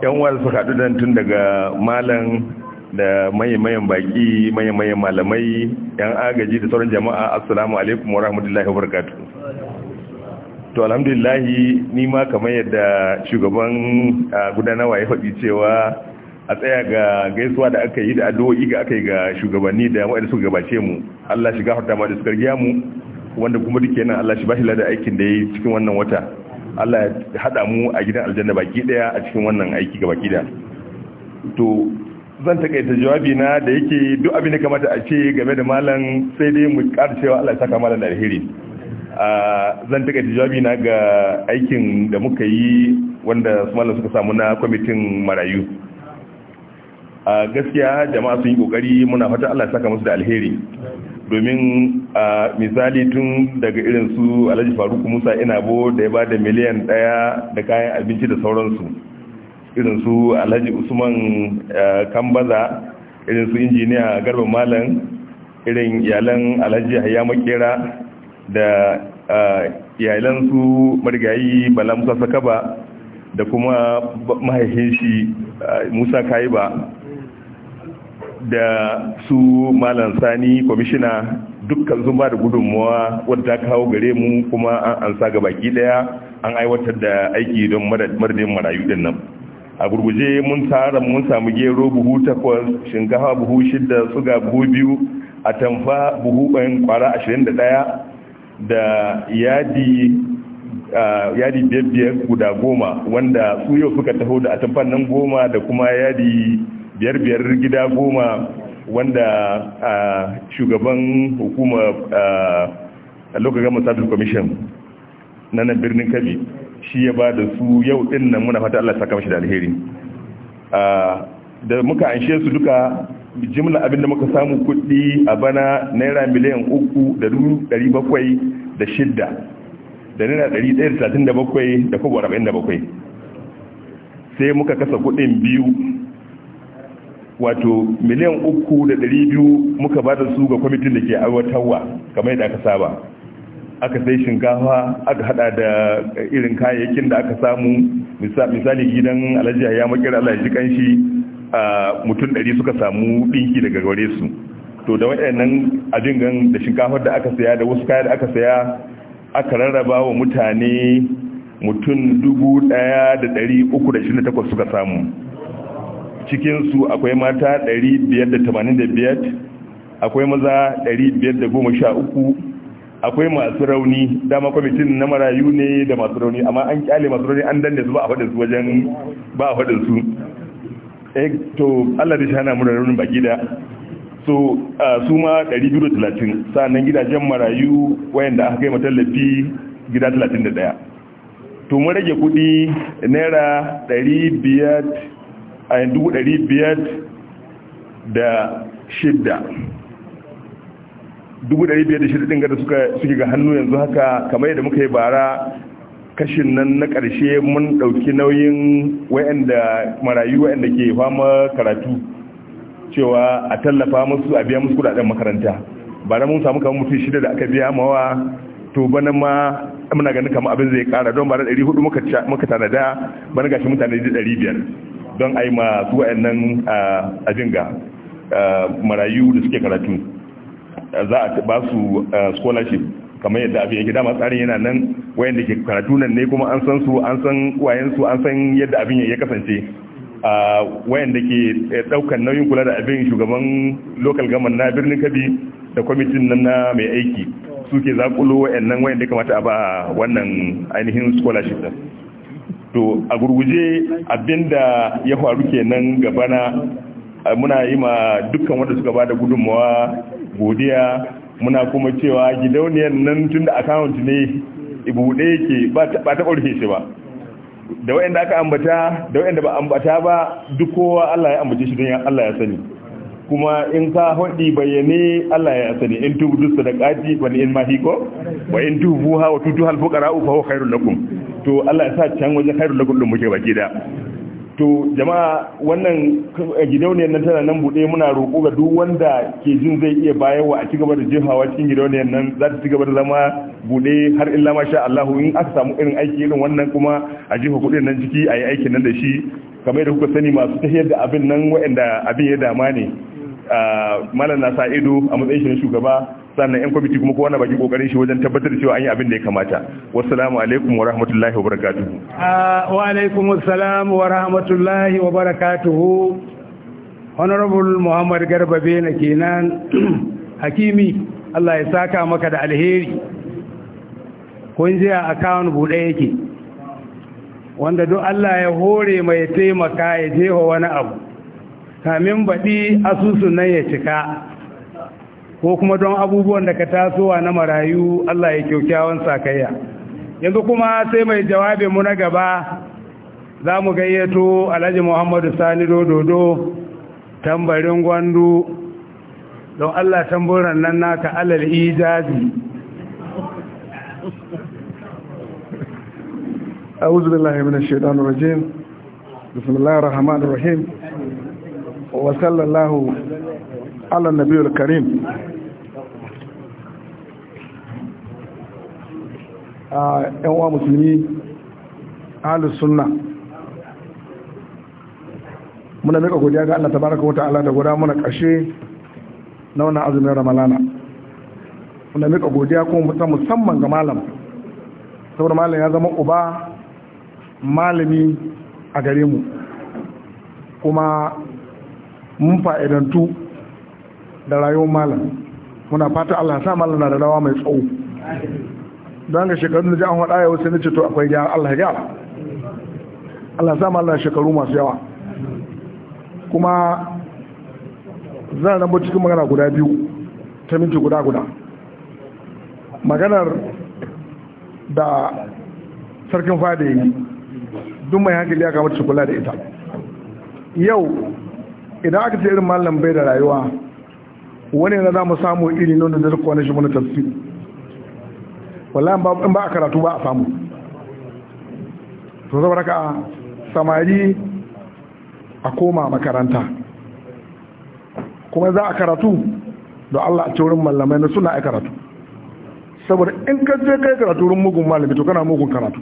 yan uwa suka haɗu don tun daga malam da mayan baki mayan malamai yan agaji da sauran jama'a assalamu alaikum wa rahmatullahi wa to alhamdulillahi ni ma kamar yadda shugaban gudanarwa ya faɗi cewa a tsaya ga gaisuwa da aka yi da addu'o'i ga aka yi ga shugabanni da waɗanda suka gabace mu Allah shi gafarta ma da suka riga mu wanda kuma duke nan Allah shi ba shi lada aikin da yayi cikin wannan wata Allah ya hada mu a gidan aljanna baki daya a cikin wannan aiki ga baki to zan takaita jawabi na da yake duk abin da kamata a ce game da malam sai dai mu ƙara cewa Allah ya saka malam da alheri zan takaita jawabi na ga aikin da muka yi wanda su malam suka samu na kwamitin marayu gaskiya jama'a sun yi kokari muna fata Allah ya saka musu da alheri domin a misali tun daga irin su Alhaji Faruku Musa Inabo da ya ba da miliyan ɗaya da kayan abinci da sauransu irin su alhaji usman eh, kambaza irin su injiniya garba malam irin iyalan alhaji hayya makera da eh, iyalan su marigayi bala musa sakaba da kuma mahaifin shi eh, musa kaiba da su malam sani kwamishina dukkan sun ba da gudunmuwa wadda kawo gare mu kuma an ansa ga baki daya an aiwatar da aiki don madadin marayu din nan a gurguje mun tara mun samu gero buhu takwas shinkafa buhu shida suga buhu biyu a tamfa buhu ɓayin kwara ashirin da ɗaya da yadi yadi biyar guda goma wanda su yau suka taho da atamfan nan goma da kuma yadi biyar biyar gida goma wanda shugaban hukumar local government service commission na nan birnin kabi shi ya ba da su yau din nan muna fata Allah saka mashi da alheri da muka anshe su duka jimla abinda muka samu kuɗi a bana naira miliyan uku da dubu ɗari bakwai da shidda da naira ɗari ɗaya da talatin da bakwai da kobo arba'in da bakwai sai muka kasa kuɗin biyu wato miliyan uku da ɗari biyu muka ba da su ga kwamitin da ke aiwatarwa kamar yadda aka saba aka sai shinkafa aka hada da irin kayayyakin da aka samu misali gidan alhaji ya makira Allah ya ji kanshi a mutum ɗari suka samu ɗinki daga gare su to da waɗannan abin gan da shinkafar da aka saya da wasu kaya da aka saya aka rarraba wa mutane mutum dubu ɗaya da ɗari uku da shirin takwas suka samu cikinsu akwai mata ɗari biyar da tamanin da biyar akwai maza ɗari biyar da goma sha uku akwai masu rauni dama kwamitin na marayu ne da masu rauni amma an kyale masu rauni an danne su ba a faɗin su wajen ba a faɗin su eh, to Allah da shana mu da raunin baki da so su ma 230 sannan gidajen marayu wayanda aka kai matallafi gida 31 to mun rage kuɗi naira 500 a 500 da shidda dubu ɗari biyar da shida ɗin da suka suke ga hannu yanzu haka kamar yadda muka yi bara kashin nan na ƙarshe mun ɗauki nauyin wa'anda marayu wa'anda ke fama karatu cewa a tallafa musu a biya musu kudaden makaranta bara mun samu kamar mutum shida da aka biya mawa to bana ma muna ganin kamar abin zai kara don bara 400 muka tanada bana gashi mutane 500 don a yi masu wa'annan a jinga marayu da suke karatu za a ba su eh, scholarship kamar yadda abin yake dama tsarin yana nan wayanda ke karatu nan ne kuma an san su an san wayan su an san yadda abin ya kasance a ah, wayanda ke daukan eh, nauyin kula da abin shugaban local government na birnin Kabi da kwamitin nan na mai aiki suke zakulo wayannan wayanda kamata a ba wannan ainihin scholarship din to a gurguje abinda ya faru kenan gabana muna yi ma dukkan wanda suka bada gudunmawa godiya muna kuma cewa gidauniyar nan tun da account ne ibude yake ba ta ƙorfe shi ba da wa'anda aka ambata da wa'anda ba ambata ba duk kowa Allah ya ambace shi don ya Allah ya sani kuma in ka hodi bayyane Allah ya sani in tubu dus sadaqati wal in mahiko wa in ha wa tutu hal fuqara fa huwa khairul lakum to Allah ya sa can waje khairul lakum din muke baki da to jama'a wannan gidauniyar nan tana nan buɗe muna roƙo ga duk wanda ke jin zai iya bayarwa a cigaba da jefawa cikin gidauniyar nan za ta cigaba da zama buɗe har illa masha allahu in aka samu irin aiki irin wannan kuma a jefa kuɗin nan ciki a yi aikin nan da shi kamar da kuka sani masu tahiyar da abin nan waɗanda abin ya dama ne malam na sa ido a matsayin shi na shugaba sannan yan kwamiti kuma kowane baki kokarin shi wajen tabbatar cewa an yi abin da ya kamata wassalamu alaikum wa rahmatullahi wa barakatuhu wa alaikum assalam wa rahmatullahi wa barakatuhu honorable muhammad garba bena kenan <clears throat> hakimi Allah ya saka maka da alheri kun je a account buɗe yake wanda duk Allah ya hore mai taimaka ya jefa wani abu kamin baɗi asusun nan ya cika ko kuma don abubuwan da ka tasowa na marayu Allah ya kyaukyawan sakayya yanzu kuma sai mai mu na gaba za mu gayyato alhaji muhammadu sani dododo tambarin gwandu don Allah tamburan nan naka alal ijazi أعوذ بالله من الشيطان الرجيم بسم الله الرحمن الرحيم وصلى الله على النبي الكريم yan uwa musulmi ahlus sunna muna mika godiya ga Allah tabaraka wa ta'ala da guda mana kashe na wannan azumin ramalana muna mika godiya kuma musamman ga malam saboda malam ya zama uba malami a gare mu kuma mun fa'idantu da rayuwar malam muna fata Allah sa malam na da rawa mai tsawo don ga shekaru da ji an waɗa wasu sai na ce to akwai gyara Allah gyara Allah sa malam shekaru masu yawa kuma zan rabu cikin magana guda biyu ta minti guda guda maganar da sarkin fada yi duk mai hankali ya kamata su kula da ita yau idan aka ce irin malam bai da rayuwa wani na za mu samu iri nuna da duk wani shi mana tafsiri wallahi in ba a karatu ba a samu to saboda raka samari a koma makaranta kuma za a karatu da Allah a wurin malamai na suna a karatu saboda in ka je kai karatu wurin mugun malami to kana mugun karatu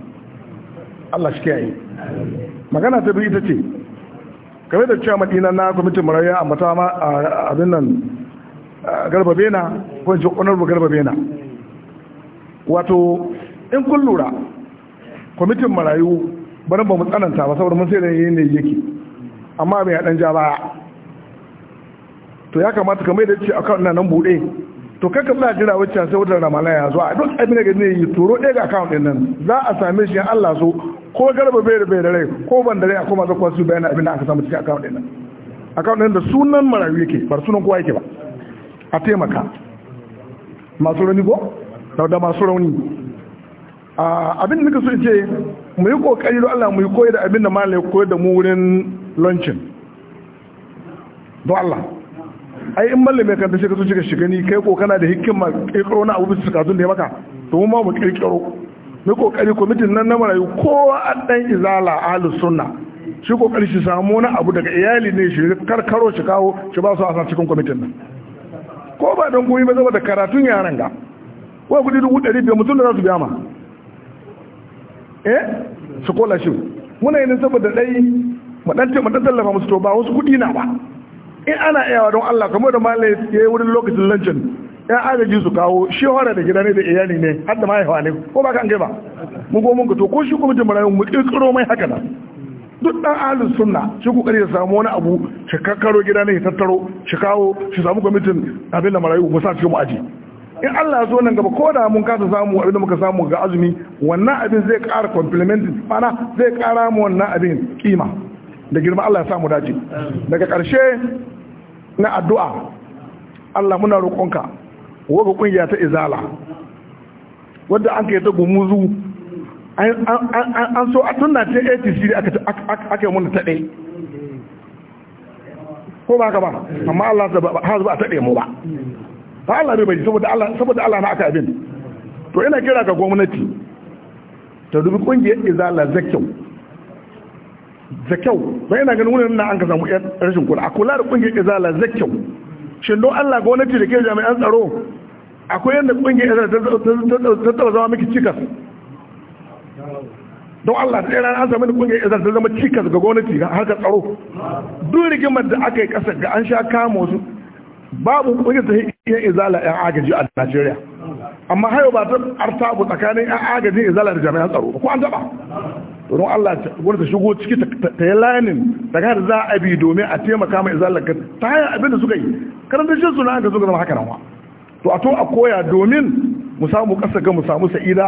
Allah shi kiyaye magana ta biyu ita ce kamar da cewa madina na kwamitin marayya a mata ma abin nan garba bena ko ji honorable garba bena wato in kun lura kwamitin marayu bari ba mu tsananta ba saboda mun sai da yayin yake amma bai dan ja baya to ya kamata kamar da ce akawun nan buɗe to kanka za a jira wacce sai wata ramalaya zuwa duk abin da ne yi turo ɗaya ga akawun ɗin nan za a same shi Allah so ko garba bai da bai da rai ko ban da rai a koma zakuwa su bayan abin da aka samu cikin akawun ɗin akawun ɗin da sunan marayu yake ba sunan kowa yake ba a taimaka masu rauni ko da masu rauni abin da so ce mu yi kokari don Allah mu yi koyar da abin da malai koyar da mu wurin lancin don Allah ai in malai mai kanta shiga ka shiga shi kai ko kana da hikima kirkiro na abubuwan su kazun da ya maka to mu ma mu kirkiro mai kokari kwamitin nan na marayu kowa an dan izala ahlus sunna shi kokari shi samu wani abu daga iyali ne shi karkaro shi kawo shi ba su a cikin kwamitin nan ko ba don koyi ba zama da karatun yaran ga wa kudi dubu ɗari biyar mutum da za su biya ma eh su kola shi muna yin saboda ɗai maɗanta maɗan tallafa musu to ba wasu kudi na ba in ana iyawa don allah kamar da malai ya yi wurin lokacin lancin yan agaji su kawo shi hora da gida ne da iyali ne har da mahaifa ne ko ba ka an ba mun ko mun ka to ko shi kuma marayu mu kirkiro mai haka nan duk dan ahli sunna shi ku kare samu wani abu shi kakkaro gida ne ya tattaro shi kawo shi samu kwamitin abin da marayu mu sa mu aji in Allah zo nan gaba ko da mun kasa samu abin da muka samu ga azumi wannan abin zai ƙara complementing mana zai ƙara mu wannan abin kima da girma Allah ya samu dace daga ƙarshe na addu'a Allah muna roƙonka wadda kungiya ta izala wadda an kai ta gumuzu an so a tun 1980 aka yi muna taɗe ko ba ka ba amma Allah ta ba a taɗe mu ba ta Allah bai bai saboda Allah na aka abin to ina kira ga gwamnati ta dubi kungiyar izala zakyau zakyau bai na ganin wurin na an ka samu rashin kula a kula da kungiyar izala zakyau shin Allah gwamnati da ke jami'an tsaro akwai yadda kungiyar ta taba zama miki cikas don Allah ta yana an sami da kungiyar izar ta zama cikas ga gwamnati ga harkar tsaro duk rigimar da aka yi kasar ga an sha kama wasu babu kungiyar ta iya izala yan agaji a Najeriya amma hayo ba ta artabu tsakanin yan agajin izala da jami'an tsaro ko an taba don Allah wanda ta shigo ciki ta yi lanin da da za a bi domin a taimaka mai zalaka ta haya abin da suka yi karanta shi suna aka zuga zama haka nan to a to a koya domin mu samu kasa ga mu samu sa'ida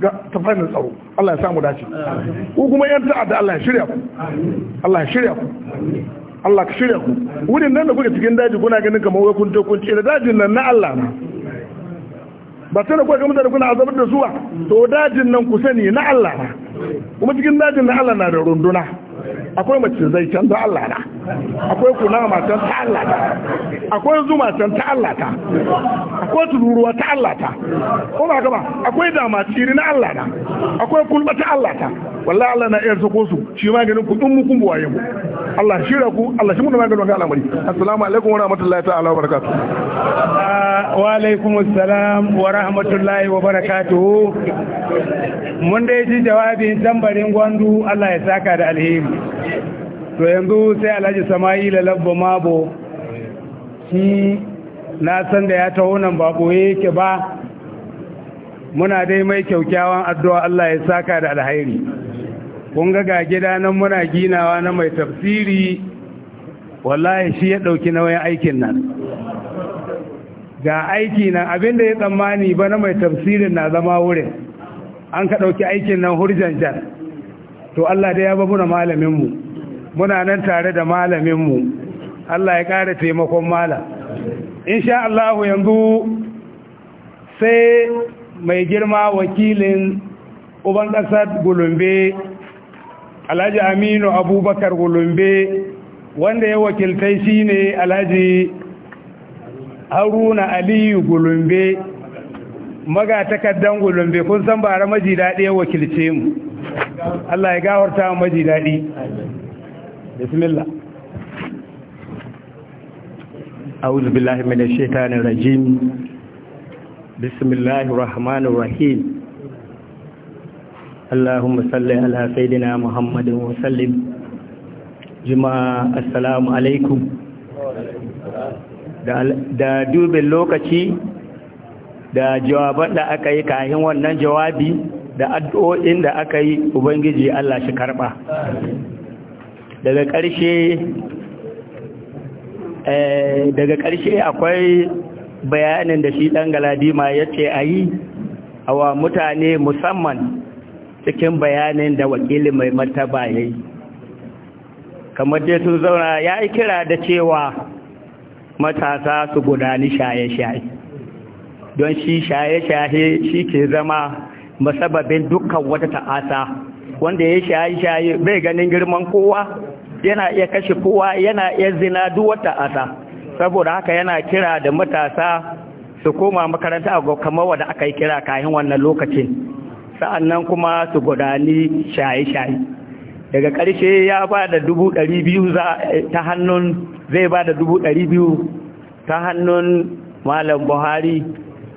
ga tafanin tsaro Allah ya samu dace ku kuma yan ta'adda Allah ya shirya ku Allah ya shirya ku Allah ka shirya ku wurin nan da kuka cikin daji kuna ganin kamar wai kun to kun ce da dajin nan na Allah ne ba sai da kuka ga mutane kuna azabar da zuwa to dajin nan ku sani na Allah ne kuma cikin dajin na Allah na da runduna akwai mace zai ta Allah na akwai kunama can ta Allah ta akwai zuma can ta Allah ta akwai tururuwa ta Allah ta ko ba gaba akwai dama tiri na Allah na akwai kulba ta Allah ta wallahi Allah na iya sako su shi maganin ku dun mu kun buwaye mu Allah shi ku Allah shi mun ga wannan al'amari assalamu alaikum wa rahmatullahi ta'ala wa barakatuh wa alaikum assalam wa rahmatullahi wa barakatuh mun dai ji jawabin tambarin gwandu Allah ya saka da alheri to yanzu sai alhaji sama'ila labba mabo shi na san da ya taho nan ba yake ba muna dai mai kyaukyawan addu'a Allah ya saka da alhairi kun ga ga gida nan muna ginawa na mai tafsiri wallahi shi ya ɗauki nauyin aikin nan ga aiki nan abinda ya tsammani ba na mai tafsirin na zama wurin an ka ɗauki aikin nan hurjan jan to Allah da ya ba muna malaminmu muna nan tare da malaminmu Allah ya ƙara taimakon mala insha Allah yanzu sai mai girma wakilin uban ƙasar gulumbe alhaji aminu abubakar gulumbe wanda ya wakiltai shi ne alhaji haruna aliyu gulumbe magatakardan gulumbe kun san bara maji daɗe wakilce mu Allah ya gawarta wa maji daɗi bismillah أعوذ بالله من الشيطان الرجيم بسم الله الرحمن الرحيم اللهم صل على سيدنا محمد وسلم جماعة السلام عليكم da dubin lokaci da jawaban da aka yi kayan wannan jawabi da addu'o'in da aka yi ubangiji Allah shi karɓa eh, daga ƙarshe akwai bayanin da shi ɗan galadima ya ce a yi awa mutane musamman cikin bayanin da wakili mai martaba ya yi kamar dai sun zauna ya yi kira da cewa matasa su gudani shaye-shaye don shi shaye-shaye shi ke zama masababin dukkan wata ta'asa wanda ya shaye-shaye bai ganin girman kowa yana iya kashe kowa yana iya zina duk wata ta'asa saboda haka yana kira da matasa su koma makaranta a kamar wanda aka yi kira kayan wannan lokacin sa'annan kuma su gudani shaye-shaye daga karshe ya ba da dubu ɗari biyu ta hannun zai ba da dubu ɗari biyu ta hannun malam buhari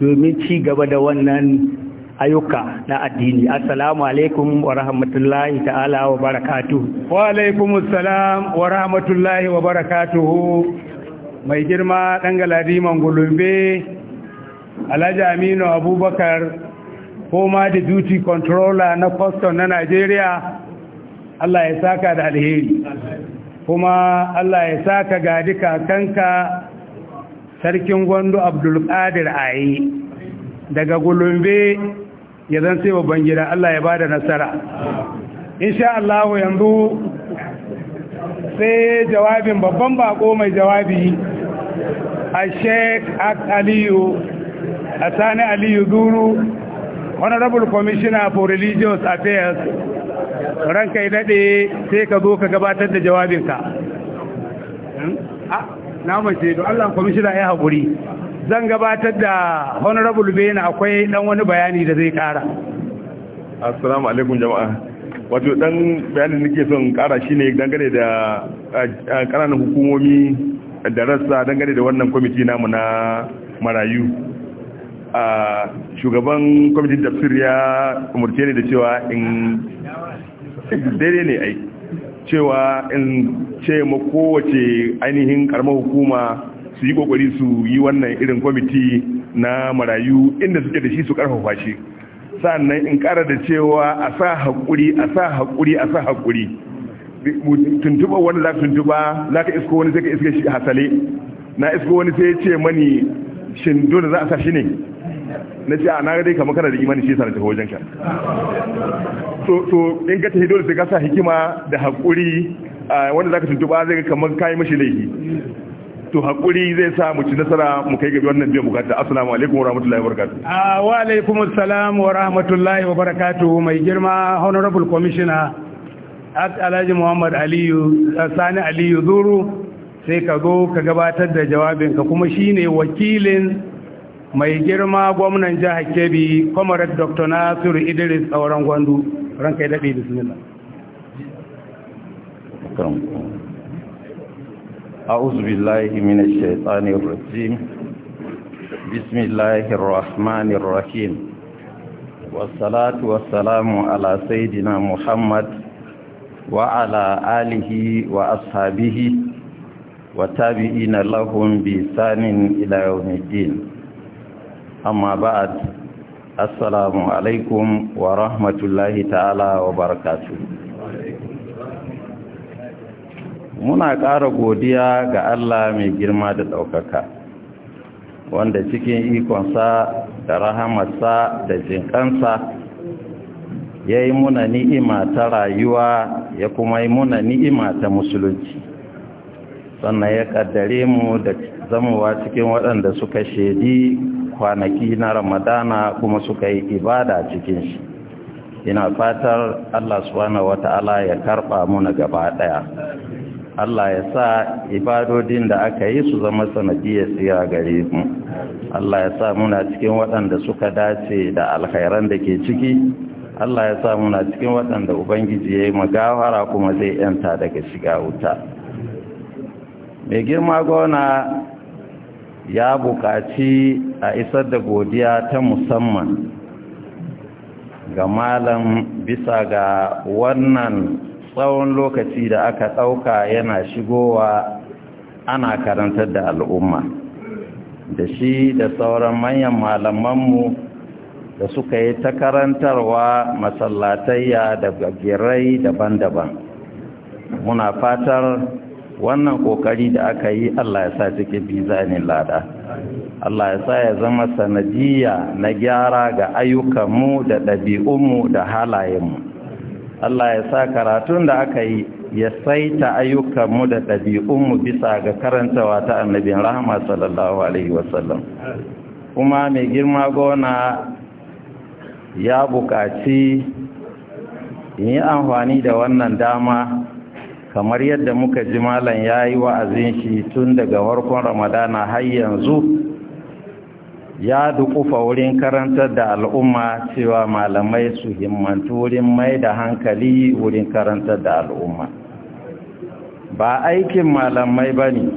domin ci gaba da wannan ayyuka na addini assalamu alaikum wa rahmatullahi ta'ala wa barakatuhu wa alaikum salam wa rahmatullahi wa barakatuhu mai girma dan galadiman gulumbe alhaji aminu abubakar koma da duty controller na custom na nigeria allah ya saka da alheri kuma allah ya saka ga duka kanka sarkin abdul qadir ayi daga gulumbe ya zan sai babban gida Allah ya bada nasara insha Allah yanzu sai jawabin babban bako mai jawabi a Sheikh Aliyu Sani Aliyu Duru Honorable Commissioner for Religious Affairs ranka yi daɗe sai ka zo ka gabatar da jawabinka hmm? ah, na mace don Allah commissioner ya haƙuri zan gabatar da honorable bayan akwai dan wani bayani da zai kara assalamu alaikum jama'a wato dan bayanin nake son kara shine dangane da ƙananan hukumomi da rassa dangane da wannan kwamiti namu na marayu a shugaban kwamitin tafsir ya umurce ne da cewa in daidai ne ai cewa in ce ma kowace ainihin karamar hukuma su yi kokari su yi wannan irin kwamiti na marayu inda suke da shi su karfafa shi sannan in kara da cewa a sa haƙuri a sa haƙuri a sa haƙuri tuntuba wani za tuntuba za ka isko wani sai ka iske shi hasale na isko wani sai ya ce mani shin dole za a sa shi ne na ce a na dai kamar kana da imani shi sa tafi wajen ka so in ka tafi dole sai ka sa hikima da haƙuri wanda za ka tuntuba zai kamar yi mashi laifi to hakuri zai sa mu ci nasara mu kai gabi wannan biyan bukata assalamu alaikum warahmatullahi wabarakatuh ah wa alaikum assalam wa rahmatullahi wa barakatuh mai girma honorable commissioner Alhaji Muhammad Aliyu eh, Sani Aliyu Zuru sai ka zo ka gabatar da jawabinka kuma shine wakilin mai girma gwamnan jihar Kebbi Comrade Dr. Nasiru Idris Tsauran Gwandu ranka ya dade bismillah أعوذ بالله من الشيطان الرجيم بسم الله الرحمن الرحيم والصلاة والسلام على سيدنا محمد وعلى آله وأصحابه وتابعين لهم بإحسان إلى يوم الدين أما بعد السلام عليكم ورحمة الله تعالى وبركاته muna ƙara godiya ga Allah mai girma da ɗaukaka wanda cikin ikonsa da rahamarsa da jinƙansa ya yi muna ni'ima ta rayuwa ya kuma yi muna ni'ima ta musulunci sannan ya ƙaddare mu da zamuwa cikin waɗanda suka shaidi kwanaki na ramadana kuma suka yi ibada cikin shi ina fatar Allah subhanahu ta'ala ya karɓa muna gaba ɗaya Allah ya sa ibadodin da aka yi su zama sanadiyar siya gare mu Allah ya sa muna cikin waɗanda suka dace da alkhairan da ke ciki Allah ya sa muna cikin waɗanda Ubangiji ya yi magawara kuma zai ‘yanta daga shiga wuta mai girma gona ya buƙaci a isar da godiya ta musamman ga malam bisa ga wannan tsawon lokaci da aka ɗauka yana shigowa ana karantar da al'umma da shi da sauran manyan malamanmu da suka yi ta karantarwa masallatayya da gagirai daban-daban muna fatar wannan kokari da aka yi Allah ya sa cike bizanin lada Allah ya sa ya zama sanadiyya na gyara ga ayyukanmu da ɗabi'unmu da halayenmu Allah ya sa karatun da aka yi ya saita ayyukanmu da ɗabi'unmu bisa ga karantawa ta annabin rahama sallallahu Alaihi wasallam. Kuma mai girma gona ya buƙaci yi amfani da wannan dama kamar yadda muka ji malam ya yi wa'azin shi tun daga warkon Ramadana har yanzu ya dukufa wurin karantar da al'umma cewa malamai su himmantu wurin mai da hankali wurin karantar da al'umma ba aikin malamai ba ne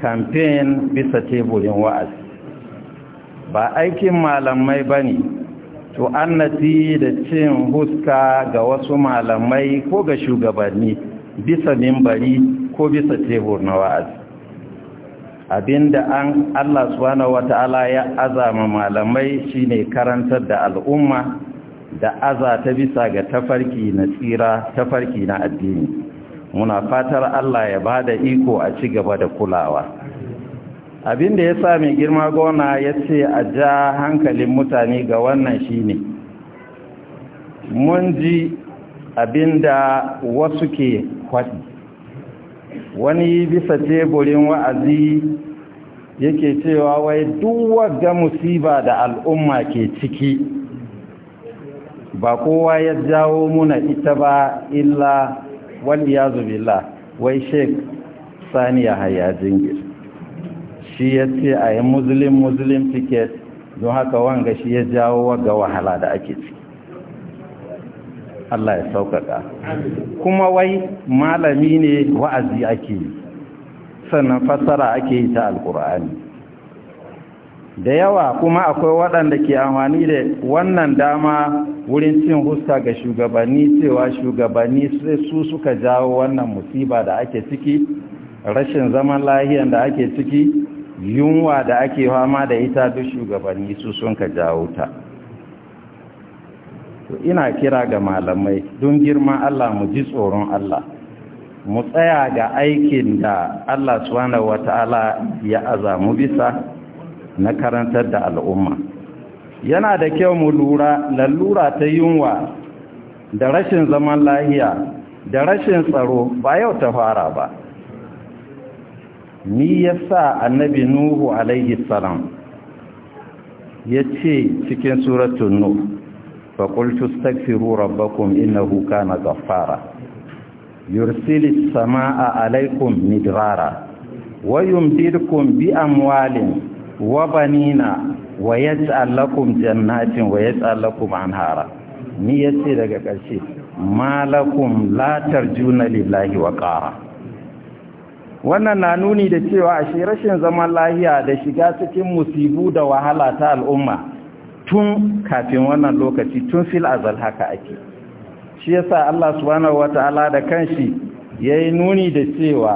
kamfen bisa teburin wa'azi ba aikin malamai ba ne to annati da cin huska ga wasu malamai ko ga shugabanni bisa mimbari ko bisa tebur na wa'azi abinda an Allah subhanahu wata'ala ya azama malamai shine karantar da al'umma da aza ta bisa ga tafarki na tsira tafarki na addini muna fatar Allah ya bada iko a ci gaba da kulawa abinda ya sa mai girma gona ya ce a ja hankalin mutane ga wannan shine mun ji abinda wasu ke kwaɗi wani bisa teburin wa'azi yake cewa wai duk ga musiba da al'umma ke ciki ba kowa ya jawo muna ita ba illa waliyazu billah wai sheik saniya haya jingir shi ya ce a yi muslim muslim ticket don haka wanga shi ya jawo ga wahala da ake ciki Allah ya sauƙaƙa kuma wai malami ne wa'azi ake sannan fassara ake yi ta alƙur'ani da yawa kuma akwai waɗanda ke amfani da wannan dama wurin cin huska ga shugabanni cewa shugabanni su suka jawo wannan musiba da ake ciki rashin zaman lahiyar da ake ciki yunwa da ake fama da ita duk shugabanni su sun ka jawo ta to ina kira ga malamai don girma Allah mu ji tsoron Allah mu tsaya ga aikin da Allah subhanahu wata'ala ya azamu bisa na karantar da al'umma yana da kyau mu lura lallura ta yunwa da rashin zaman lafiya da rashin tsaro ba yau ta fara ba ni yasa annabi nuhu alaihi salam ya ce cikin suratun nuhu فقلت استغفروا ربكم إنه كان غفارا يرسل السماء عليكم مدرارا ويمددكم بأموال وبنين ويجعل لكم جنات ويجعل لكم أنهارا نيتي daga ƙarshe malakum la tarjuna lillahi waqara wannan na nuni da cewa ashe rashin zaman lahiya da shiga cikin musibu da wahala ta al'umma tun kafin wannan lokaci tun fil azal haka ake shi yasa Allah subhanahu wata'ala da kanshi yayi nuni da cewa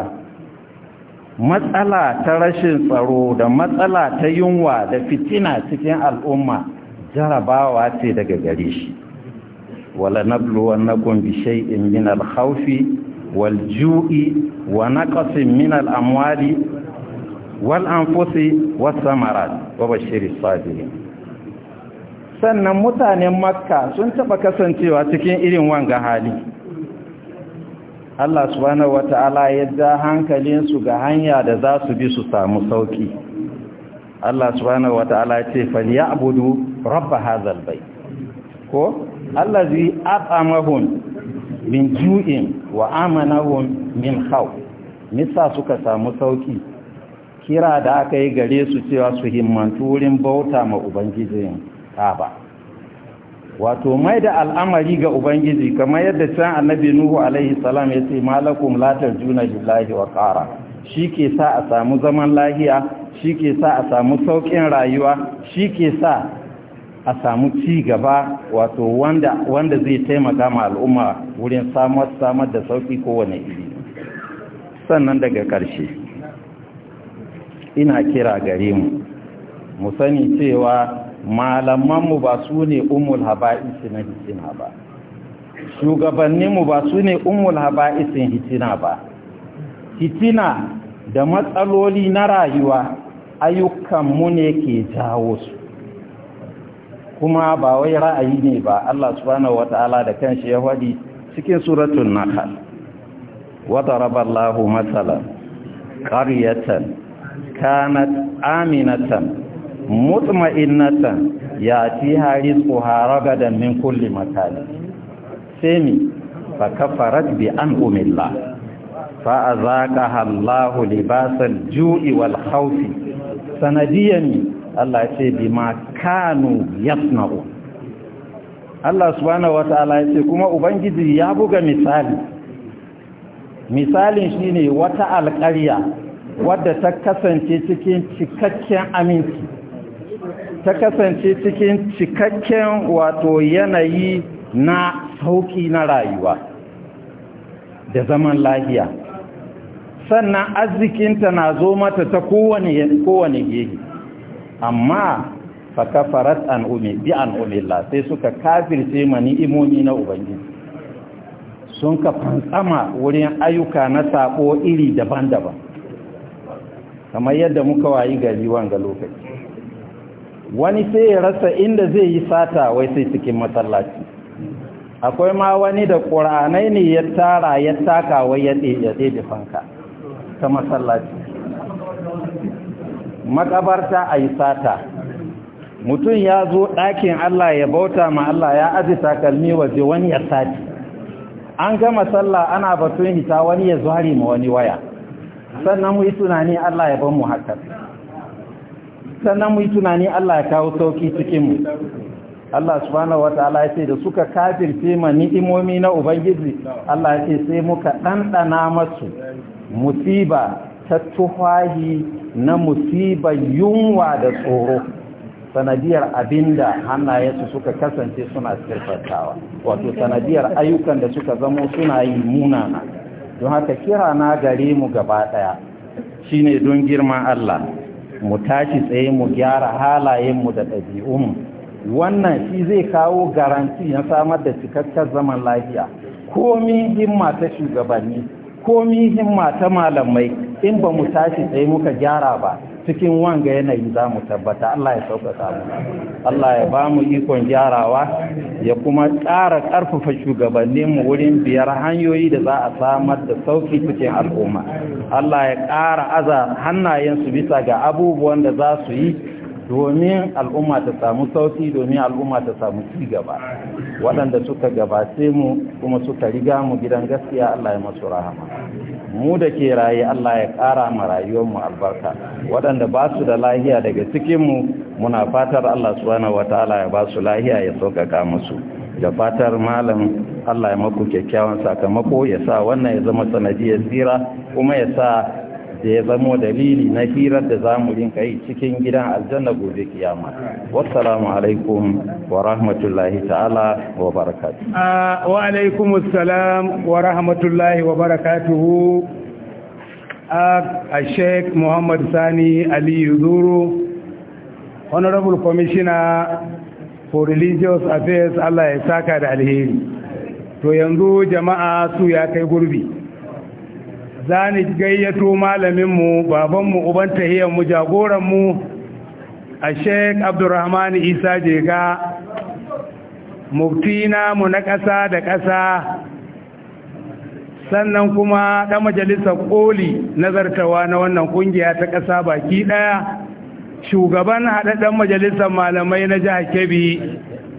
matsala ta rashin tsaro da matsala ta yunwa da fitina cikin al'umma jarabawa ce daga gare shi wala nabluwannakum bi shay'in min al-khawfi wal-ju'i wa naqsin min al-amwali wal-anfusi was-samarat wa bashiris sabirin sannan mutanen makka sun taɓa kasancewa cikin irin wanga hali Allah subhanahu ta'ala ya ja hankalinsu ga hanya da za su bi su samu sauki Allah subhanahu ta'ala ya ce ya'budu rabb hadzal bayt ko allazi at'amahum min ju'in wa amanahum min khawf nisa suka samu sauki kira da aka yi gare su cewa su himmantu wurin bauta ma ubangijin ba wato mai da al'amari ga ubangiji kamar yadda can annabi nuhu alaihi salam ya ce malakum latar juna lillahi wa qara ke sa a samu zaman lahiya ke sa a samu saukin rayuwa ke sa a samu ci gaba wato wanda wanda zai taimaka ma al'umma wurin samar samar da sauki kowane iri sannan daga karshe ina kira gare mu mu sani cewa malamanmu ba su ne umul haba'isin na hitina ba shugabanninmu ba su ne umul haba'isin hitina ba hitina da matsaloli na rayuwa ayyukanmu ne ke jawo su kuma ba wai ra'ayi ne ba Allah subhanahu wata'ala da kanshi ya faɗi cikin suratul nahl wa Allahu matsalan qaryatan kanat aminatan mutma'innatan ya ci hari tsohara gadan min kulli matali sai mi fa kafarat bi an umilla fa azaqaha Allahu libasan ju'i wal khawfi sanadiyan Allah ce bi ma kanu yasna'u Allah subhanahu wata'ala ya ce kuma ubangiji ya buga misali misalin shine wata alƙarya wadda ta kasance cikin cikakken aminci ta kasance cikin cikakken wato yanayi na sauki na rayuwa da zaman lahiya sannan arzikinta na zo mata ta kowane kowane gehe amma fakafarat an umi bi an la sai suka kafirce mani na ubangiji sun ka fantsama wurin ayyuka na sako iri daban-daban kamar yadda muka wayi gari wanga lokaci wani sai ya rasa inda zai yi sata wai sai cikin masallaci akwai ma wani da ƙuranai ne ya tara ya taka wai ya ɗaiɗe fanka ta masallaci makabarta a yi sata mutum ya zo ɗakin Allah ya bauta ma Allah ya aji takalmi waje wani ya sati an gama sallah ana batun hita wani ya zuhari ma wani waya sannan mu yi tunani Allah ya ban mu hakan sannan mu yi tunani Allah ya kawo sauki cikin mu Allah subhanahu wataala ya ce da suka kafirce ma ni'imomi na ubangiji Allah ya ce sai muka ɗanɗana masu musiba ta tuhahi na musiba yunwa da tsoro sanadiyar abinda hannayensu suka kasance suna sirfatawa wato sanadiyar ayyukan da suka zamo suna yi munana don haka kira na gare mu gaba ɗaya shine don girman Allah mu tashi tsaye mu gyara halayenmu da ɗabi'unmu wannan shi zai kawo garanti na samar da cikakken zaman lafiya komi himma ta shugabanni komi himma ta malamai in ba mu tashi tsaye muka gyara ba cikin wanga yanayin za mu tabbata Allah ya sauƙaƙa mu Allah ya ba mu ikon gyarawa ya kuma ƙara ƙarfafa shugabanninmu wurin biyar hanyoyi da za a samar da sauƙi cikin al'umma Allah ya ƙara aza hannayensu bisa ga abubuwan da za su yi domin al'umma ta samu sauki domin al'umma ta samu ci gaba waɗanda suka gabace mu kuma suka riga mu gidan gaskiya Allah ya masu rahama mu da ke raye Allah ya ƙara ma rayuwarmu albarka waɗanda ba su da lahiya daga cikinmu muna fatar Allah subhanahu wataala ya ba su lahiya ya sauƙaƙa musu da fatar malam Allah ya maku kyakkyawan sakamako ya sa wannan ya zama sanadiyar tsira kuma ya sa da ya zamo dalili na hirar da za mu rinka yi cikin gidan aljanna gobe kiyama wassalamu alaikum wa rahmatullahi ta'ala wa barakatu. wa alaikum assalam wa rahmatullahi wa barakatuhu a sheikh muhammad sani ali yuzuru honorable commissioner for religious affairs allah ya saka da alheri to yanzu jama'a su ya kai gurbi za ni gayyato malaminmu babanmu uban mu jagoranmu a sheikh abdurrahman isa jega muftina mu na ƙasa da ƙasa sannan kuma ɗan majalisar ƙoli nazartawa na wannan ƙungiya ta ƙasa baki ɗaya shugaban haɗaɗɗen majalisar malamai na jihar kebbi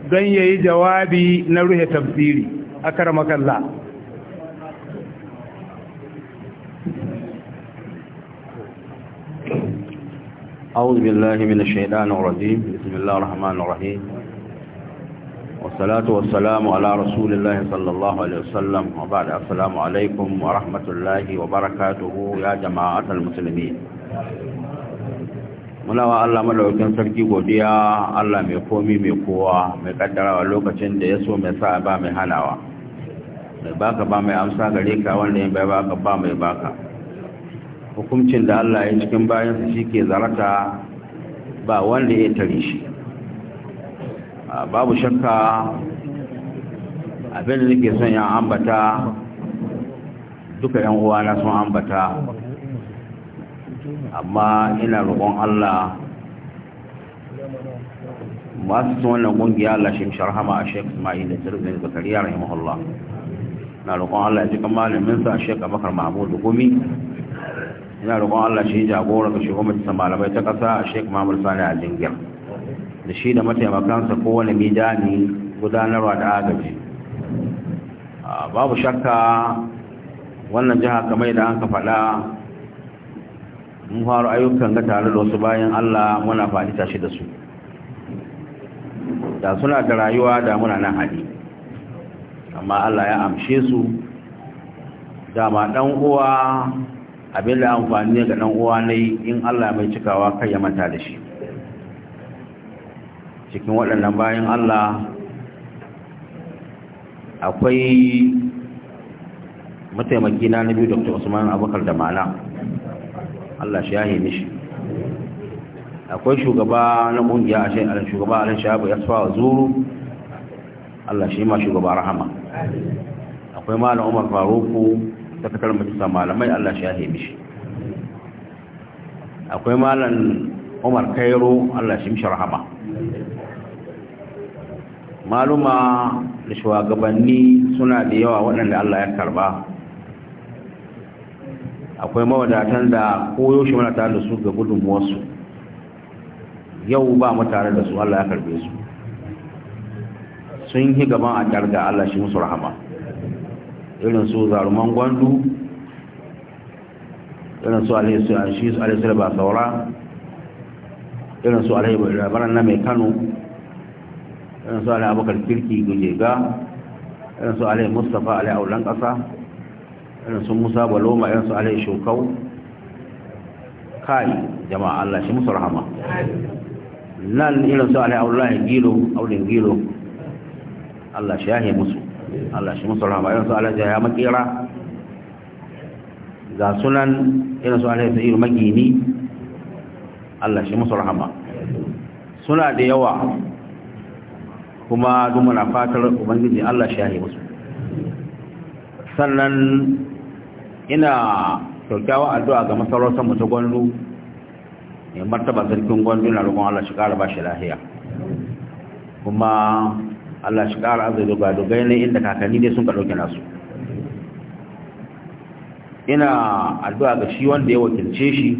don yayi jawabi na ruhe tafsiri a karmakalla أعوذ بالله من الشيطان الرجيم بسم الله الرحمن الرحيم والصلاة والسلام على رسول الله صلى الله عليه وسلم وبعد السلام عليكم ورحمة الله وبركاته يا جماعة المسلمين muna Allah madaukakin sarki godiya Allah mai komi mai kowa mai kaddarawa lokacin da ya so mai sa ba mai hanawa mai baka ba mai amsa gare ka wanda ya bai baka ba mai baka hukuncin da Allah ya cikin bayansa shi ke zarata ba wanda ya tare shi babu shakka abin da nake son yan ambata duka yan uwana sun ambata amma ina roƙon Allah masu tun wannan ƙungiya Allah shi sharhama a shek Ismail da Tirmidhi Zakariya rahimahullah na roƙon Allah ya ji kan malamin a Sheikh Abubakar mahamudu Gumi ina roƙon Allah shi jagora ga shugabancin malamai ta ƙasa a Sheikh Muhammad Sani a jingir. da shi da mataimakansa kowane midani gudanarwa da agaji babu shakka wannan jiha kamar da an ka faɗa mun fara ayyukan ga tare da wasu bayan Allah muna faɗi tashi da su da suna da rayuwa da muna nan hadi amma Allah ya amshe su dama ɗan uwa abin da amfani ga ɗan uwa na yi in Allah mai cikawa kai ya mata da shi cikin waɗannan bayan Allah akwai mataimaki na nabi dr usman abubakar da mala Allah shi ya hemi shi akwai shugaba na ƙungiya a shi shugaba alin shabu ya tsawa zuru Allah shi ma shugaba rahama akwai malam umar faruku sakataren majalisar malamai Allah shi ya haifi shi akwai malam Umar Kairo Allah shi mishi rahama maluma da shugabanni suna da yawa waɗanda Allah ya karba akwai mawadatan da koyo shi mana tare da su ga gudunmuwarsu yau ba mu tare da su Allah ya karbe su sun yi gaban a ƙarga Allah shi musu rahama irin su zaruman gwandu irin su alaihisar ba saura irin su alaihisar na mai kano irin su alaibakar kirki gujega irin su alaihisar mustapha alaihaulan kasa irin su musa baloma irin su alaihishokau kai jama'a allah shi musu rahama nan irin su alaihaulan gilo aurin gilo allah shahe musu Allah shi musu rahama irin su alhaji ya makera ga sunan irin su alhaji sa'iru magini Allah shi musu rahama suna da yawa kuma duk muna fatar ubangiji Allah shi ya musu sannan ina kyaukyawa addu'a ga masarautar mu ta gwandu ne martaba sarkin gwandu na rukun Allah shi ƙara ba shi lahiya kuma Allah shi ƙara arziki ga dogai ne inda kakanni ne sun ka nasu ina addu'a ga shi wanda ya wakilce shi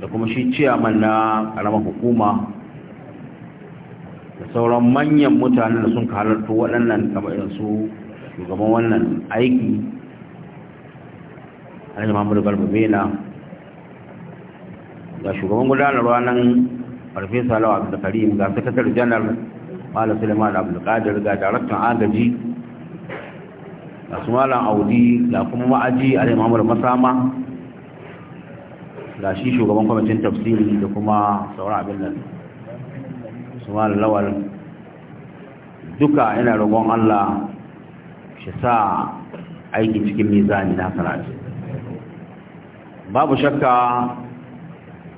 da kuma shi ciyaman na ƙaramar hukuma da sauran manyan mutanen da sun ka halarta waɗannan kamar irin su shugaban wannan aiki alhaji mahmudu galbabela ga shugaban gudanarwa nan farfesa lawa da karim ga sakatar janar malam suleiman abdulkadir ga daraktan agaji ga su malam audi ga kuma ma'aji a limamar masama da shi shugaban kwamitin tafsiri da kuma sauran abin nan su malam lawal duka ina roƙon allah shi sa aiki cikin mizani na karatu babu shakka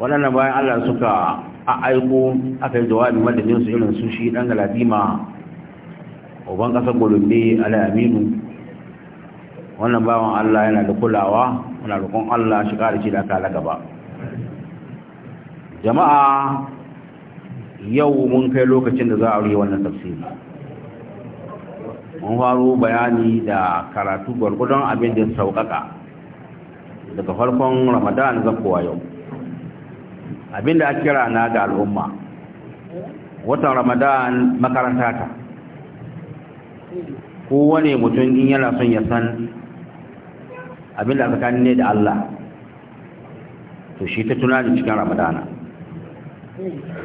waɗannan bayan allah suka a aiko aka yi jawabi madadin su irin su shi dan galadima uban kasar golombe ala aminu wannan bawan allah yana da kulawa muna roƙon allah shi ƙara shi da aka gaba jama'a yau mun kai lokacin da za a rige wannan tafsiri mun faru bayani da karatu gwargwadon abin da sauƙaƙa daga farkon ramadan zakowa yau abinda a kira na ga al'umma watan ramadan makaranta ta kowane mutum in yana son ya san abinda aka kani ne da Allah to shi ta tunani cikin ramadana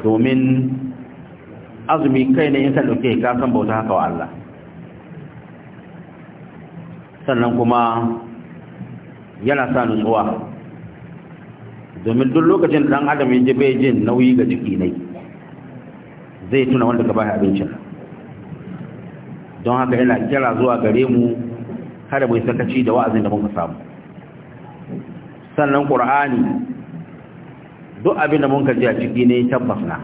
domin azumi kai ne in ka ɗauke ka san bauta haka wa Allah sannan kuma yana sa nutsuwa domin duk lokacin dan adam ya ji bai jin nauyi ga jiki ne zai tuna wanda ka bai abincin don haka yana kira zuwa gare mu kada bai sakaci da wa'azin da muka samu sannan qur'ani duk abin da muka ji a ciki ne tabbas na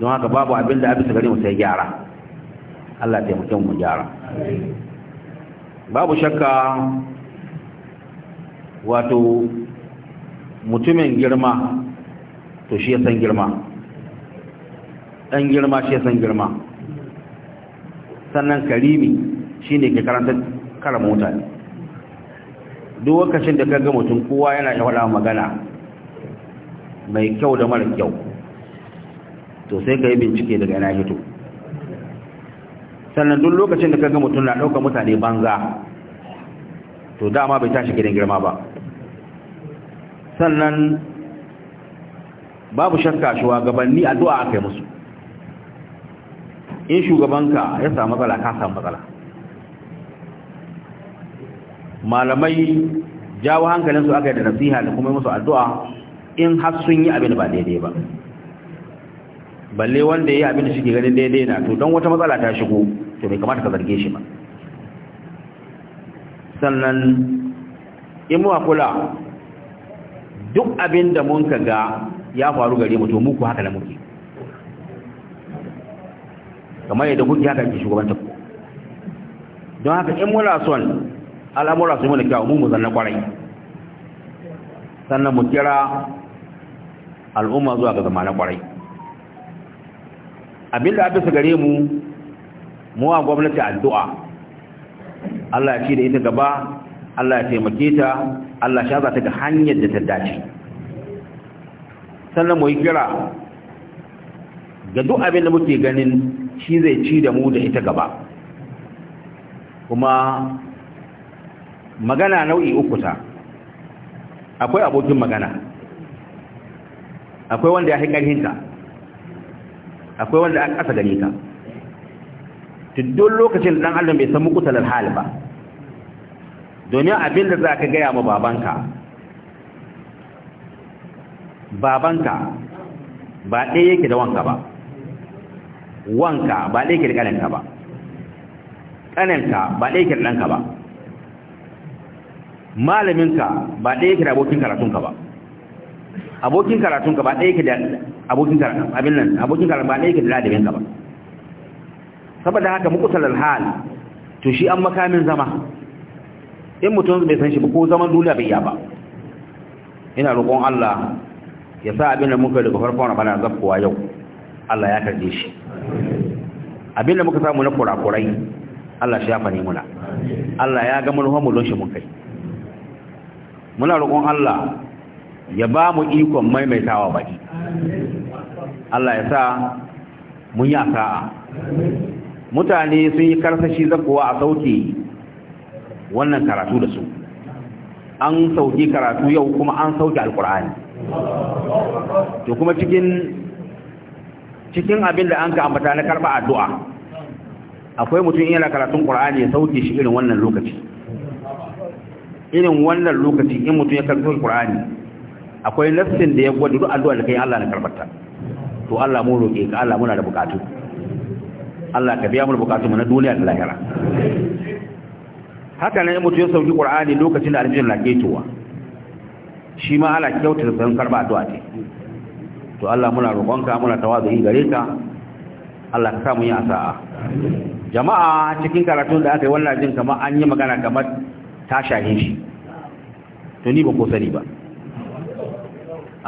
don haka babu abin da abin gare mu sai gyara Allah ya mutum mu gyara babu shakka wato mutumin girma to shi ya san girma ɗan girma shi ya san girma sannan karimi shi ne ke karanta karama mutane duk wakashin da kaga mutum kowa yana ya faɗa magana mai kyau da mara kyau to sai ka yi bincike daga yana hito sannan duk lokacin da kaga mutum na ɗauka mutane banza to dama bai tashi gidan girma ba sannan babu shakka gabanni addu'a aka yi musu in shugabanka ya samu matsala ka samu matsala malamai jawo hankalinsu aka yi da nasiha da kuma musu addu'a in har sun yi abin ba daidai ba balle wanda ya yi abin da shi ganin daidai na to don wata matsala ta shigo to bai kamata ka zarge shi ba sannan in muwa kula duk abin da mun kaga ya faru gare mu to mu ku haka da muke kamar yadda kuke haka ke shugabanta ku don haka in muna son al'amura su yi mana kyau mu zanna kwarai sannan mu kira al'umma zuwa ga zamanin kwarai abinda abin su gare mu muwa gwamnati addu'a Allah ya ce da ita gaba Allah ya taimake ta Allah shi za ta ga hanyar da ta dace sannan mu yi kira ga duk abin da muke ganin shi zai ci da mu da ita gaba kuma magana nau'i uku ta akwai abokin magana akwai wanda ya haƙar hinta akwai wanda aka ƙasa gani ka duk lokacin ɗan adam bai san mukutalar hali ba domin abin da za ka gaya ma babanka babanka ba ɗaya yake da wanka ba wanka ba ɗaya yake da ƙananka ba ƙananka ba ɗaya yake da ɗanka ba malaminka ba ɗaya yake da abokin karatunka ba abokin karatunka ba ɗaya yake da abokin karatun abin nan abokin karatun ba ɗaya yake da ladabinka ba saboda haka mukusalar hal to shi an makamin zama in mutum bai san shi ba ko zaman duniya bai ya ba ina roƙon Allah ya sa abin da muka daga farkon bana zakkowa yau Allah ya karbe shi abin da muka samu na kurakurai Allah shi ya fane muna Allah ya ga mulhon mu don shi mun kai muna roƙon Allah ya ba mu ikon maimaitawa baki Allah ya sa mun yi asa'a mutane sun yi karsashi zakowa a sauke wannan karatu da su an sauki karatu yau kuma an sauki alkur'ani to kuma cikin cikin abin da an ka ambata na karba addu'a akwai mutum yana karatun qur'ani ya sauki shi irin wannan lokaci irin wannan lokaci in mutum ya karbi qur'ani akwai nafsin da ya gwada duk addu'a da kai Allah na karbata to Allah mu roke ka Allah muna da bukatu Allah ka biya mu bukatu mu na duniya da lahira haka nan mutum ya sauki qur'ani lokacin da alfijir na ketowa shi ma ala kyautar da san karba addu'a ce to Allah muna roƙonka muna tawazu'i gare ka Allah ka samu yi asa'a jama'a cikin karatun da aka yi wannan jin kamar an yi magana kamar ta shahin shi to ni ba ko sani ba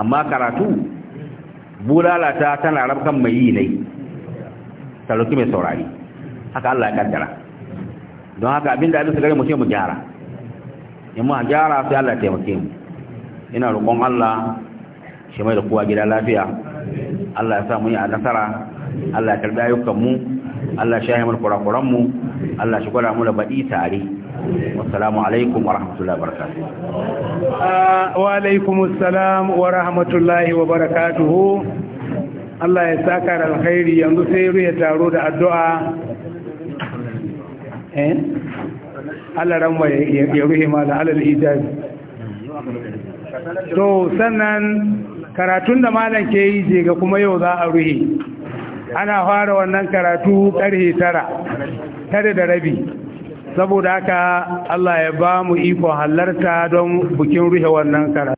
amma karatu bulalata tana rabkan mai yi ne talauki mai saurari haka Allah ya kaddara don haka abinda abin gare mu sai mu gyara in ma gyara sai Allah taimake mu ina roƙon Allah shi mai da kowa gida lafiya Allah ya sa mu yi a nasara Allah ya karbi ayyukan mu Allah ya shahi mu kurakuran mu Allah shi gwada mu da baɗi tare wassalamu alaikum wa rahmatullahi wa barakatuhu ah, wa alaikum assalam wa rahmatullahi wa barakatuhu Allah ya saka alkhairi yanzu sai ya taro da addu'a eh to sannan karatun da malam ke yi je ga kuma yau za a ruhe ana fara wannan karatu karhe tara tare da rabi saboda haka Allah ya ba mu iko halarta don bukin ruhe wannan karatu